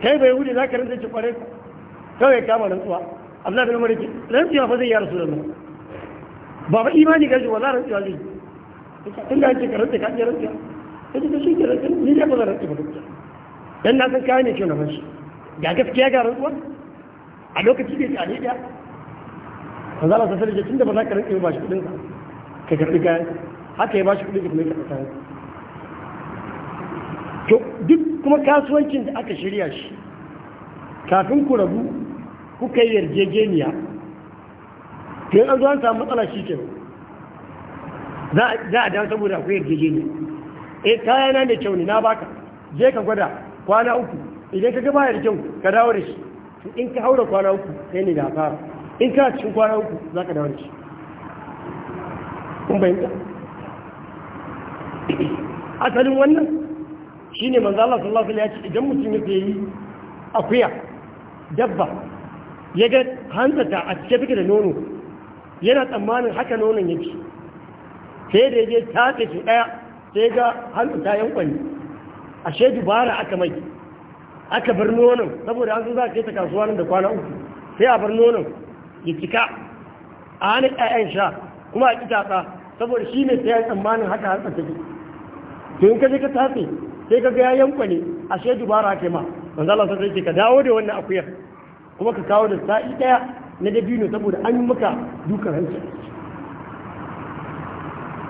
kai bai wuri za ka rantse ci kwarai kawai kama rantsuwa abin da lamarin ke rantsuwa fa zai yi rasu da nan ba ba imani gashi wa za ya zai
tun da ake ka rantse ka rantsuwa
ya ta shi kira ni dai ba zan rantsi dan na san kaya ne ce na fashi ga gaskiya ga rantsuwa a lokaci da ya tsare da ka zala sa sarki tunda ba za ka rantsi ba shi kudin ka ka karbi kayan haka ya ba shi kudin ka kuma ya karbi kayan to duk kuma kasuwancin da aka shirya shi kafin ku rabu kuka yi yarjejeniya to an zo an samu matsala shi ke za a dawo saboda akwai yarjejeniya e kaya na da kyau ne na baka je ka gwada kwana uku idan ka gaba da kyau ka dawo da shi in ka haura kwana uku sai ne da fara in ka cikin kwana uku za ka dawo da shi kun bayanta asalin wannan shine manzo Allah sallallahu alaihi wasallam ya ce idan mutum yake yi akuya dabba ya ga hanzarta a cike take da nono yana tsammanin haka nonon yake sai da ya je tatse su daya sai ga hannu ta a shaidu dubara aka mai aka bar nonon saboda an za ka ta kasuwa nan da kwana uku sai a bar nonon ya cika a hannun 'ya'yan sha kuma a kitatsa saboda shi ne sai tsammanin haka har ta take to in ka je ka tafi sai ka ga ya yankwani shaidu dubara aka ma manzo Allah sai ce ka dawo da wannan akuyar kuma ka kawo da sa'i ɗaya na dabino saboda an yi maka dukkan hanci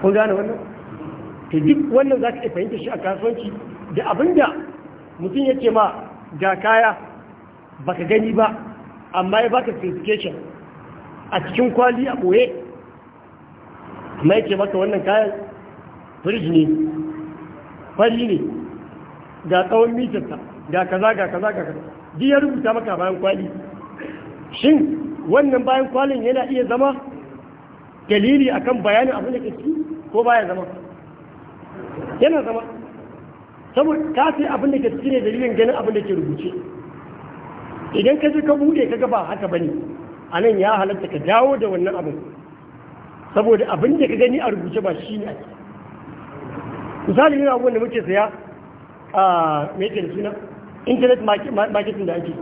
kun gane wannan ta duk wannan za ka fahimta shi a kasuwanci da abinda mutum ya ce ma ga kaya ba ka gani ba amma ya baka certification a cikin kwali a ɓoye amma ya ce maka wannan kayan firij ne fari ne ga tsawon mitarsa ga kaza ga kaza ga kaza duk ya rubuta maka bayan kwali shin wannan bayan kwalin yana iya zama dalili akan bayanin abin da ke ciki ko baya zama yana zama saboda ka sai abin da ke da dalilin ganin abin da ke rubuce idan ka ji ka bude ka gaba haka bane a nan ya halatta ka dawo da wannan abin saboda abin da ka gani a rubuce ba shi ne misali yana abubuwan da muke saya a mai suna internet marketing da ake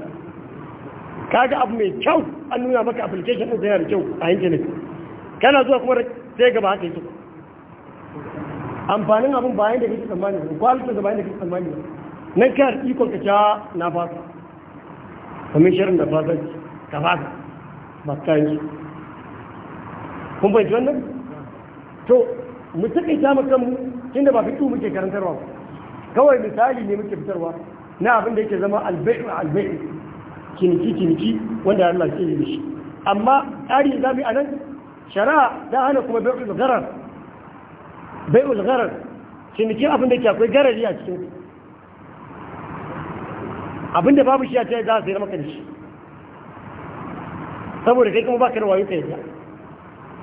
kaga abu mai kyau an nuna maka application ɗin da kyau a internet kana zuwa kuma sai gaba haka yi amfanin abin bayan da kake tsammani ba kwalitin da bayan da kake tsammani ba nan kyar ikon ka cewa na fasa kamar shirin da fasa ka fasa ba ta yi kun bai wannan to mu kai ta maka mu ba fitu muke karantarwa kawai misali ne muke fitarwa na abin da yake zama albai'u albai'u ciniki ciniki wanda Allah lalace da shi amma tsari zabi nan shara da hana kuma bai'u zarar bayul gharar cinikin abin da ke akwai garari a cikin abin da babu shi a cikin za a sayar maka da shi saboda kai kuma baka da wayo kai ya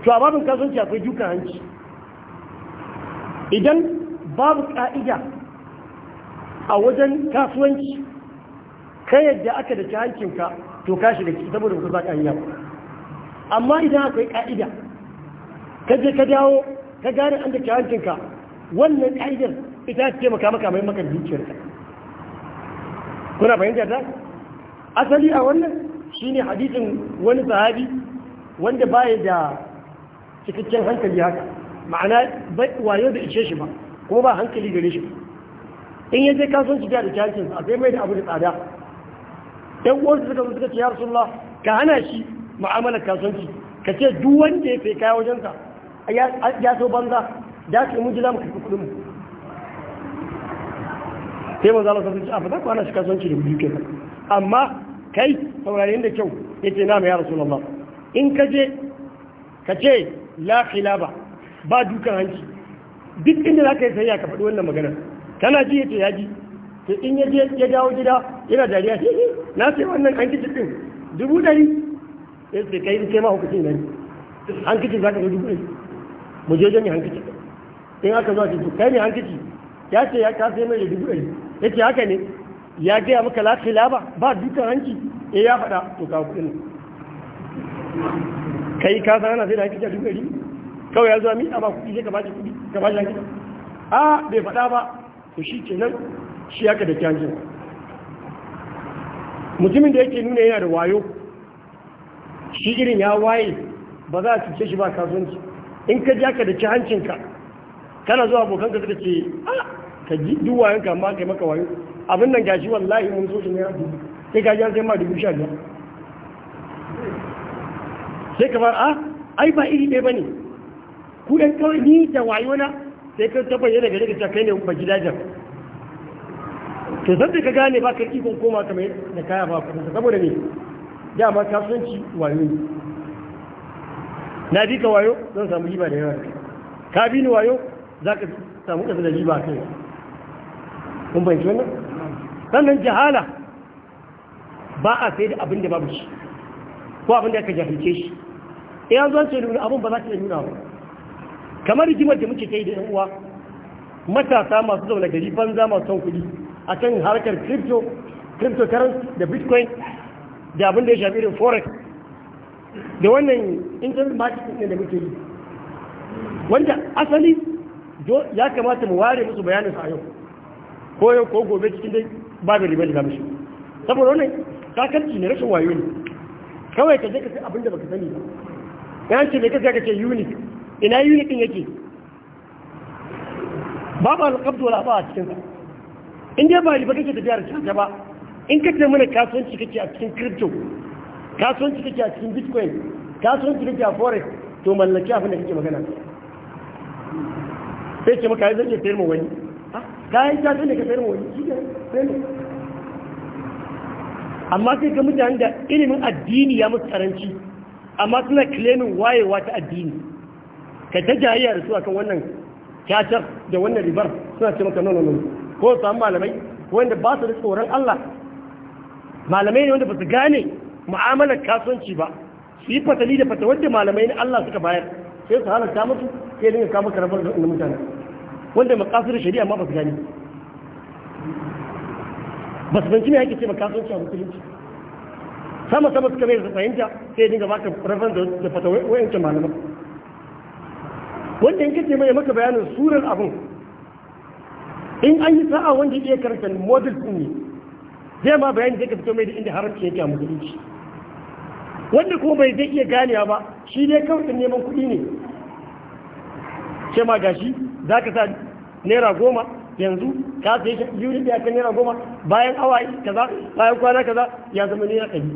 to a babin kasance akwai dukan hanci idan babu ka'ida a wajen kasuwanci ka yadda aka da ci hancinka to ka shiga ciki saboda ba za ka hanya amma idan akwai ka'ida ka je ka dawo ka gane an da hankinka wannan ƙa'idar ita ce maka maka mai maka zuciyarka kuna fahimtar ta asali a wannan shine hadisin wani sahabi wanda baya da cikakken hankali haka ma'ana bai wayo da ishe shi ba kuma ba hankali gare shi in ya je kasuwanci da kyakin a sai mai da abu da tsada ɗan uwansu suka suka ce ya rasulullah ka hana shi ma'amalar kasuwanci ka ce duk wanda ya kai kaya sa ya so banza da su mu ji za mu karɓi kuɗin mu sai mun zama sassanci a fata kwana shi kasuwanci da biyu kenan amma kai saurare da kyau ya ce na mai ya rasu lallah in ka je ka ce la khilaba ba dukan hanci duk inda za ka yi sayya ka faɗi wannan magana tana ji ya ce ya ji Ta in ya je ya dawo gida yana dariya sai na sai wannan an kici din dubu ɗari. ya ce kai in kai ma hukucin nan an kici za ka zo dubu dari mu je jami hankici in aka zo ce kai ne hankaci ya ce ya kasa mai da dubu ɗari ya ce haka ne ya gaya maka lafiya ba ba dukkan hanki eh ya faɗa to ka kuɗin kai ka san ana sai da hankaci a dubu ɗari kawai ya zo mi a ba kuɗi sai ka bashi kuɗi ka bashi hankaci a bai faɗa ba to shi kenan shi haka da kyancin mutumin da yake nuna yana da wayo shi irin ya waye ba za a cuce shi ba kasuwanci in ka ja ka da ci hancinka kana zuwa abokan ka suka ce ah, ka ji duk wayan ka amma kai maka wayo abin nan gashi wallahi mun so shi ne abu sai ka ja sai ma dubu sha biyar sai ka fara a ah, ai ba iri ɗaya bane ku ɗan kawai ni da wayo na sai ka ta yana gare ka kai ne ba gidajen to sai ka gane ba ka ikon koma kamar da kaya ba saboda ne dama kasuwanci wayo ne na bi ka wayo zan samu jiba da yawa ka bi ni wayo za ka samu ƙasa da jiba kai kun fahimci wannan sannan jahala ba a sai da abin da babu shi ko abin da aka jahilce shi eh an zuwan ce nuna abin ba za ka nuna ba kamar rigimar da muke kai da yan uwa matasa masu zaune gari banza masu son kuɗi akan harkar crypto cryptocurrency da bitcoin da abin da ya shafi irin forex da wannan internet marketing ne da muke yi wanda asali ya kamata mu ware musu bayanin sa yau ko yau ko gobe cikin dai da ribar da mishi saboda wannan kakanci ne rashin wayo ne kawai ka je ka sai abin da baka sani ba yan ce me kace ka ce unit ina unit din yake babu alqabd wala ba a cikin sa in dai ba riba kake tafiyar ta ba in ka ce mana kasuwanci kake a cikin crypto kasuwanci kake a cikin bitcoin kasuwanci kake a forex to mallaki abin da kake magana sai ce maka zai ke sayar ma wani ah, kayan kasuwan da ka sayar ma wani shi ne amma sai ka mutane da ilimin addini ya musu karanci amma suna claimin wayewa ta addini ka ta jayayya da su akan wannan kyashar da wannan ribar suna ce maka nono nono ko su malamai wanda ba su da tsoron Allah malamai ne wanda ba su gane ma'amalar kasuwanci ba su yi fatali da fata wadda malamai na Allah suka bayar sai su halarta musu sai dinga kama karamar da wannan mutane wanda makasar shari'a ma ba su gani ba su banki me haƙi ce makasuwanci a mutulunci sama sama suka mai fahimta sai dinga baka rafan da fata wayancin malamai wanda in ce mai maka bayanin surar abin in an yi sa'a wanda iya karanta model din ne zai ma bayani zai ka fito mai da inda haramci yake a mutulunci wanda kuma bai zai iya ganewa ba shi ne kawai neman kuɗi ne ce ma gashi za ka sa naira goma yanzu ka sai shi yuri da kan naira goma bayan awa kaza bayan kwana kaza ya zama naira ɗari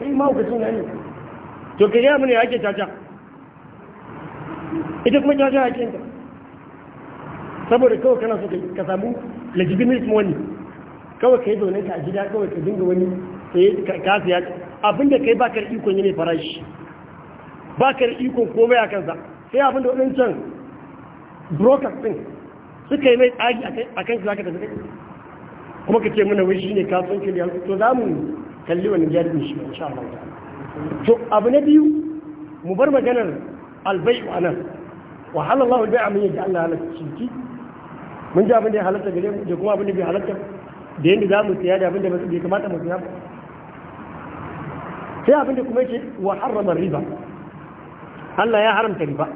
kai ma mawuka suna ne to ka yi mana ya ake caca ita kuma caca ya ta saboda kawai kana so ka samu legitimate money kawai ka yi zaune ka a gida kawai ka dinga wani yi ka siya abinda kai bakar ikon yi ne farashi bakar ikon komai a kansa sai abinda wadancan brokers din suka yi mai tsagi a kan za ka tafi kuma ka ce mana wishi ne kasuwancin kiliya to za mu kalli wani jarumin shi sha Allah to abu na biyu mu bar maganar albai a nan wa halallahu bai amin yadda Allah halatta ciki mun ji abin da ya halatta gare mu da kuma abin da bai halatta da yadda za mu siya da abin da bai kamata mu siya ba sai abin da kuma yake wa harrama riba Allah ya haramta riba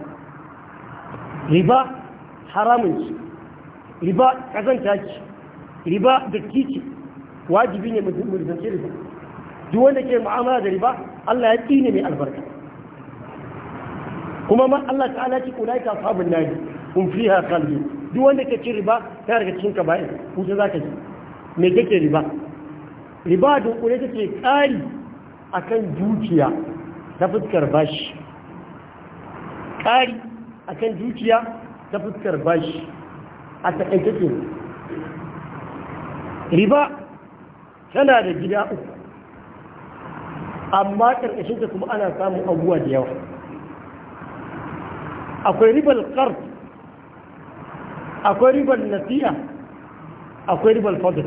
riba haramun ce riba kazanta ce riba da kici wajibi ne mulkanci riba duk wanda ke mu'amala da riba Allah ya tsine mai albarka kuma ma Allah ta'ala ce ulai ka sabun nadi kun fi fiha qalbi duk wanda ke ci riba ta daga cikin kaba'ir wuce zaka ji me kake riba riba dun kure take tsari akan dukiya ta fuskar bashi ƙari akan dukiya ta fuskar bashi a taƙaitace riba tana da gida uku amma ƙarƙashinta kuma ana samun abuwa da yawa akwai ribar ƙarfi akwai ribar nasiya akwai ribar fadar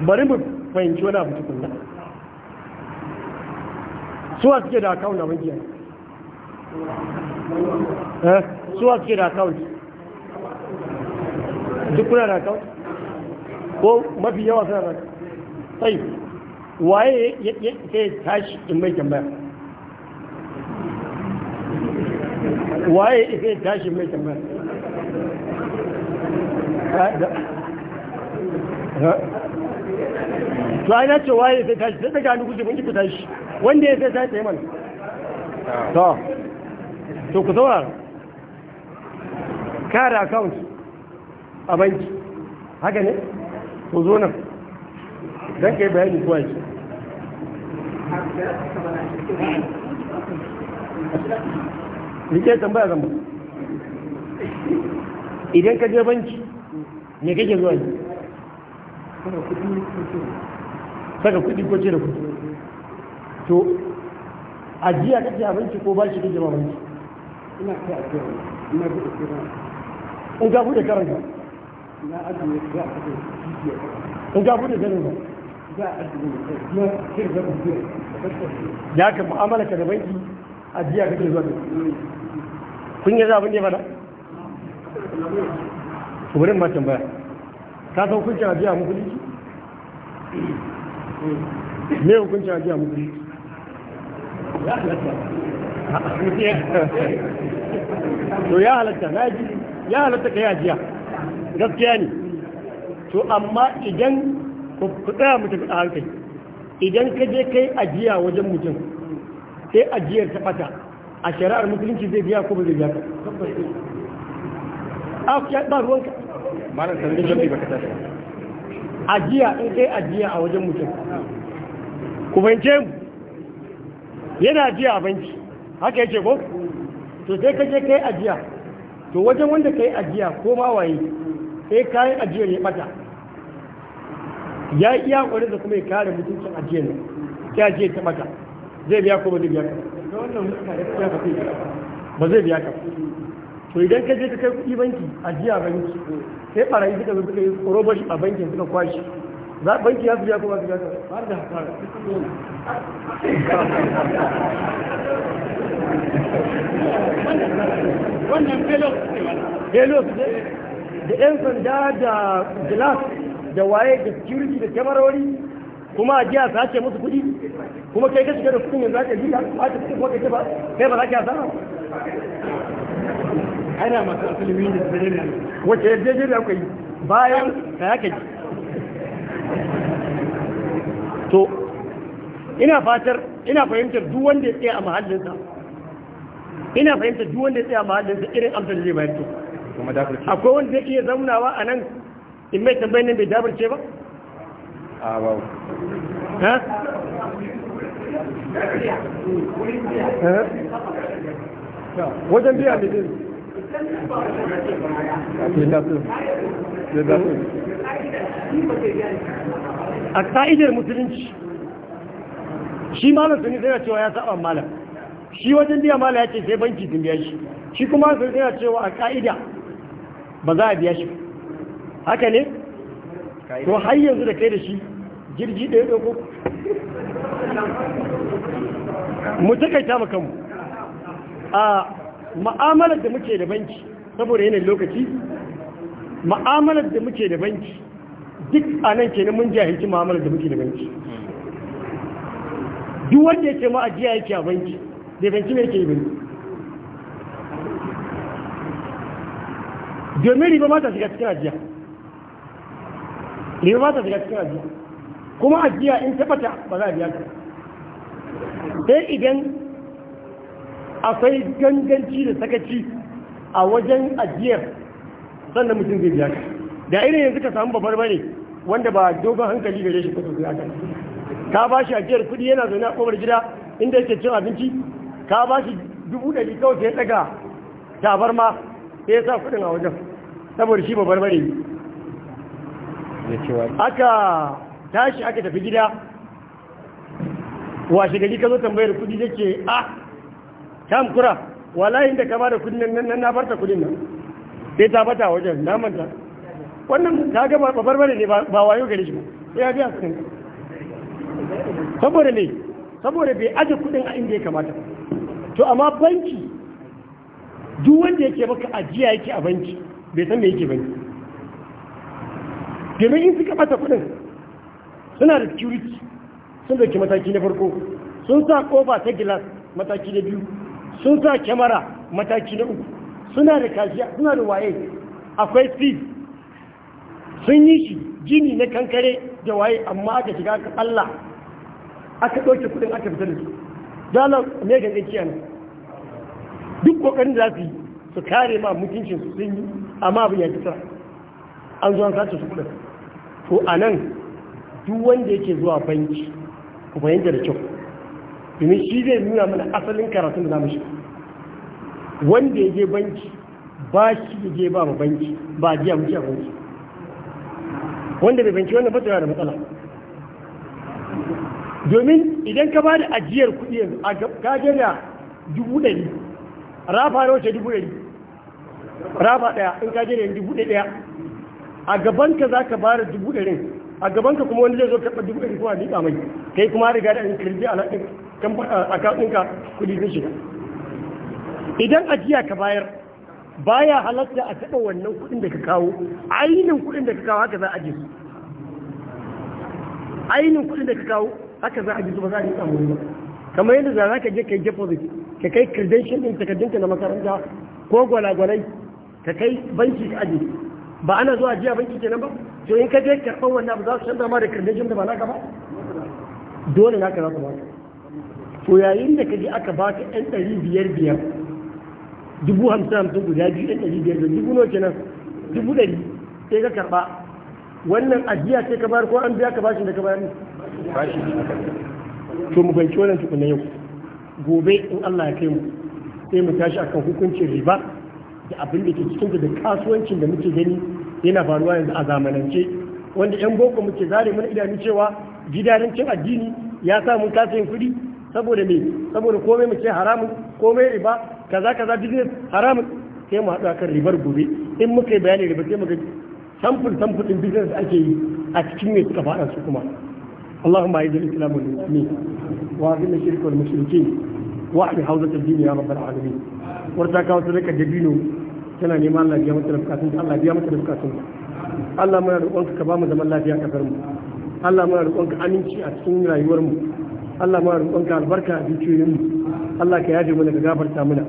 bari mu fahimci wani abu tukunna suwa suke da account a bankiya eh, suwa suke da account duk kuna da account ko mafi yawa suna da sai waye ya tashi in mai tambaya waye ya tashi mai tambaya to ai na ce waye sai tashi sai daga duk guje mun ki tashi wanda ya sai tashi sai mana to to ku ka kare account a banki haka ne ku zo nan don ka yi bayani kuwa ki rike tambaya zama idan ka je banki me kake zuwa yi saka kudi ko ce da kudi to ajiya kake abinci ko bashi kake ma banki ina ta a kai ina buɗe kira in ga bude karanta ina ajiya za a kai in ka buɗe karanta za a ajiye za a ya ka mu'amala ka da banki ajiya kake zuwa da kun yi abin da ya fada? Kuburin ma tambaya. ka san hukuncin ajiya musulunci me hukuncin ajiya musulunci to ya halatta na ji ya halatta ka yi ajiya gaskiya ne to amma idan ku tsaya mutum a hankali idan ka je kai ajiya wajen mutum sai ajiyar ta ɓata a shari'ar musulunci zai biya ko ba zai biya ka ba ruwanka malam sanadin jam'i baka tashi ajiya in eh, kai ajiya a wajen mutum ku fahimce mu yana ajiya a banki haka yake ko to sai ka je kai ajiya to wajen wanda kai ajiya ko ma waye sai kayan ajiya ya bata ya iya kwarin da kuma ya kare mutuncin ajiyar ne sai ajiyar ta bata zai biya ko ba zai biya ka ba zai biya ka to idan ka je ka kai kuɗi banki a jiya banki sai ɓarayi suka zo suka yi korobashi a bankin suka kwashi za banki ya fi ya kuma ga har da hasara wannan felo da yan sanda da glass da waye da security da kamarori kuma a jiya sa ce musu kuɗi kuma kai ka shiga da kuɗin yanzu aka jiya ka ɓata kuɗin kuma ce ba kai ba za ki
hasara
ana masu asulmi da tsirrai ne wace yarjejeniya kuka kai? bayan da ya kai, to ina fatar ina fahimtar duk wanda ya tsaye a mahallinsa ina fahimtar duk wanda ya tsaye a mahallinsa irin amsar zai bayar to akwai wanda zai iya zaunawa a nan in mai tambayin nan bai dabarce ba a ba
ha wajen biya da a
ka'idar musulunci shi malam suni zai cewa ya saɓa malam shi wajen biya malam ya ce sai banki sun biya shi shi kuma sun zai cewa a ka'ida ba za a biya shi haka ne to har yanzu da kai da shi jirgi ɗaya ɗoko
Mutu kai ta makamu
a ma'amalar da muke da banki saboda yanayin lokaci ma'amalar da muke da banki duk a nan kenan mun jahilci ma'amalar da muke da banki duk wanda yake ma ajiya yake a banki da banki mai yake yi banki domin riba mata ta shiga cikin ajiya riba mata ta shiga cikin ajiya kuma ajiya in tabbata ba za a biya ta sai idan akwai ganganci da sakaci a wajen ajiyar sannan mutum zai biya da irin yanzu ka samu babbar bane wanda ba dogon hankali gare shi kusa biya ka ba shi ajiyar kuɗi yana zaune a ƙofar gida inda yake cin abinci ka ba shi dubu ɗari kawai sai daga tabarma sai ya sa kuɗin a wajen saboda shi babbar bane aka tashi aka tafi gida washe gari ka zo tambayar kuɗi yake a ah, Kam kura wallahi da kama da kudin nan na farta kudin nan sai ta bata wajen na manta wannan ta ga ba bane ne ba wayo gare shi sai ya biya kudin saboda ne saboda bai aje kudin a inda ya kamata to amma banki duk wanda yake maka ajiya yake a banki bai san me yake banki domin in suka bata kudin suna da security sun dauki mataki na farko sun sa kofa ta gilas mataki na biyu sun sa kyamara mataki na uku suna da kashiya suna da waye akwai speed sun yi shi jini na kankare da waye amma aka shiga aka Allah aka ɗauke kudin aka fitar da su dalar megan ga yana duk kokarin da za su yi su kare ma mutuncin su sun yi amma abin ya fitar an zuwa sace su kudin to a nan duk wanda yake zuwa banki ku fahimta da kyau domin shi zai nuna mana asalin karatun da zamu shiga wanda ya je banki ba shi ya je ba mu banki ba a mu a banki wanda bai banki wannan fata da matsala domin idan ka ba da ajiyar kuɗi yanzu a gaje da dubu ɗari rafa na wace dubu ɗari rafa ɗaya in kaje da dubu ɗaya a gabanka za ka ba da dubu ɗarin a gabanka kuma wani zai zo karɓar dubu ɗari kuma a liƙa mai kai kuma riga da an kirji a laɗin a kudi sun shiga idan ajiya ka bayar baya halatta a taɓa wannan kuɗin da ka kawo ainihin kuɗin da ka kawo haka za a ji su ainihin kuɗin da ka kawo haka za a ji su ba za a ji samun ba kamar yadda za ka je ka yi deposit ka kai credential ɗin takardunka na makaranta ko gwalagwalai ka kai banki ka aji ba ana zuwa jiya banki kenan ba to in ka je karɓar wannan za su canza ma da credential da ba naka ba dole naka za su ba to yayin da ka ji aka baka ɗan ɗari biyar biyar dubu hamsin hamsin guda biyu ɗan ɗari biyar dubu nawa kenan dubu ɗari sai ka karɓa wannan ajiya sai ka bayar ko an biya ka bashin da ka bayar bashi to mu banci wannan na yau gobe in Allah ya kai mu sai mu tashi akan hukuncin riba da abin da ke cikin da kasuwancin da muke gani yana faruwa yanzu a zamanance wanda yan boko muke zare mana idanu cewa gidanin cin addini ya sa mun kasa yin kudi saboda me saboda komai mu ce haramun komai riba kaza kaza business haramun sai mu haɗu akan ribar gobe in muka yi bayani riba sai muka yi samfur samfur din business ake yi a cikin mai suka faɗa su kuma اللهم أعز الإسلام والمسلمين وأذل الشرك والمشركين واحمي حوزة الدين يا رب العالمين وارتاك وسلك الدين tana neman Allah biya mata da bukatun Allah biya mata da bukatun Allah muna roƙonka ka ba mu zaman lafiya kasar mu Allah muna roƙonka aminci a cikin rayuwarmu Allah muna roƙonka albarka a dukiyoyinmu Allah ka yaje mana ka gafarta mana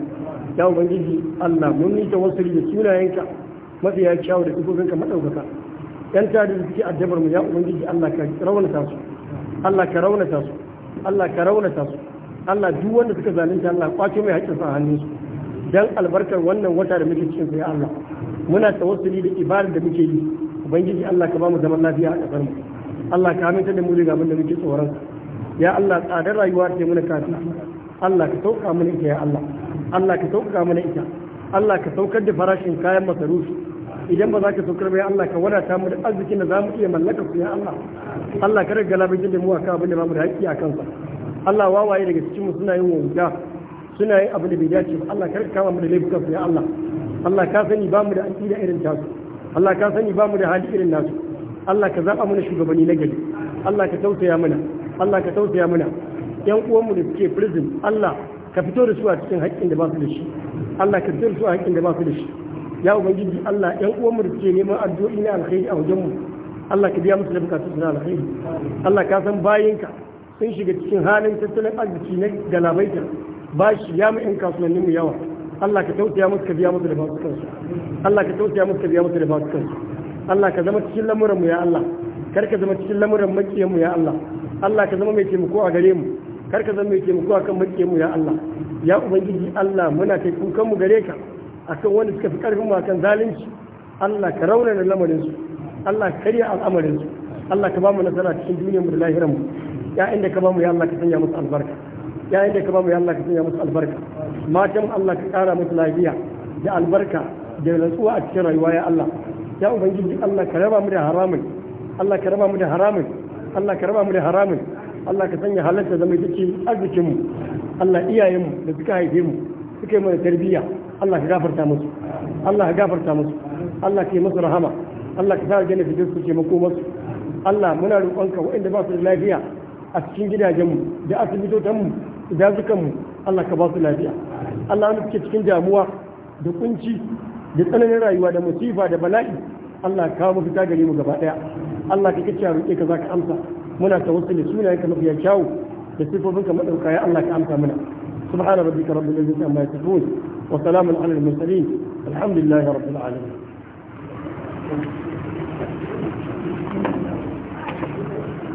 ya ubangiji Allah mun yi tawassuli da sunayenka ya kyawu da ka madaukaka yan tare da suke addabar mu ya ubangiji Allah ka raunata su Allah ka raunata su Allah ka raunata su Allah duk wanda suka zalunta Allah kwace mai sa a hannunsu dan albarkar wannan wata da muke cikin ya Allah muna tawassuli da ibadar da muke yi ubangiji Allah ka ba mu zaman lafiya a ƙasar mu Allah ka aminta da mu ga abin da muke tsoron ya Allah tsadar rayuwa ce muna kafin Allah ka sauka mana ita ya Allah Allah ka sauka mana ita Allah ka saukar da farashin kayan masarufi idan ba za ka saukar ba ya Allah ka wadata mu da arzikin da za mu iya mallaka ku ya Allah Allah ka rage labin da mu akan abin da ba mu da haƙƙi a kansa Allah wawaye daga cikin mu suna yin wauta suna yin abu da bai dace ba Allah ka kama mu da laifukan su ya Allah Allah ka sani ba mu da aqida irin tasu Allah ka sani ba mu da hali irin nasu Allah ka zaɓa mana shugabanni na gari Allah ka tausaya mana Allah ka tausaya mana yan uwanmu da suke prison Allah ka fito da su a cikin haƙƙin da ba su da shi Allah ka fito da su a haƙƙin da ba su da shi ya ubangiji Allah yan uwanmu da suke neman addu'o'i na alkhairi a wajenmu Allah ka biya musu da bukatu su na alkhairi Allah ka san bayinka sun shiga cikin halin tattalin arziki na galabaita bashi ya mu yan kasuwanninmu yawa Allah ka tausaya musu ka biya musu da ba su kansu Allah ka tausaya musu ka biya musu da ba su kansu Allah ka zama cikin lamuranmu ya Allah kar ka zama cikin lamuran makiyanmu ya Allah Allah ka zama mai taimako a gare mu kar ka zama mai taimako akan makiyanmu ya Allah ya ubangiji Allah muna kai kukanmu gare ka akan wanda suka fi karfin mu akan zalunci Allah ka raunana lamarin su Allah ka karya al'amarin su Allah ka ba mu nasara cikin duniyar mu da lahirar mu ya inda ka ba mu ya Allah ka sanya musu albarka ya inda ka ba mu ya Allah ka sanya musu albarka matan Allah ka kara musu lafiya da albarka da rantsuwa a cikin rayuwa ya Allah ya ubangiji Allah ka raba mu da haramun Allah ka raba mu da haramun Allah ka raba mu da haramun Allah ka sanya halatta zama ita ce arzikin mu Allah iyayen mu da suka haife mu suka yi mana tarbiyya Allah ka gafarta musu Allah ka gafarta musu Allah ka yi musu rahama Allah ka sa aljanna fitin su taimako musu Allah muna roƙonka waɗanda ba su da lafiya a cikin gidajen mu da asibitotan mu da mu Allah ka ba su lafiya Allah wanda suke cikin damuwa da kunci da tsananin rayuwa da musifa da bala'i Allah kawo mafita gare mu gaba daya Allah ka kici a roƙe ka zaka amsa muna tawassuli sunayen ka mafiya kyawu da sifofin ka madauka ya Allah ka amsa mana subhana rabbika rabbil izzati amma yasifun wa salamun alal mursalin alhamdulillahi rabbil alamin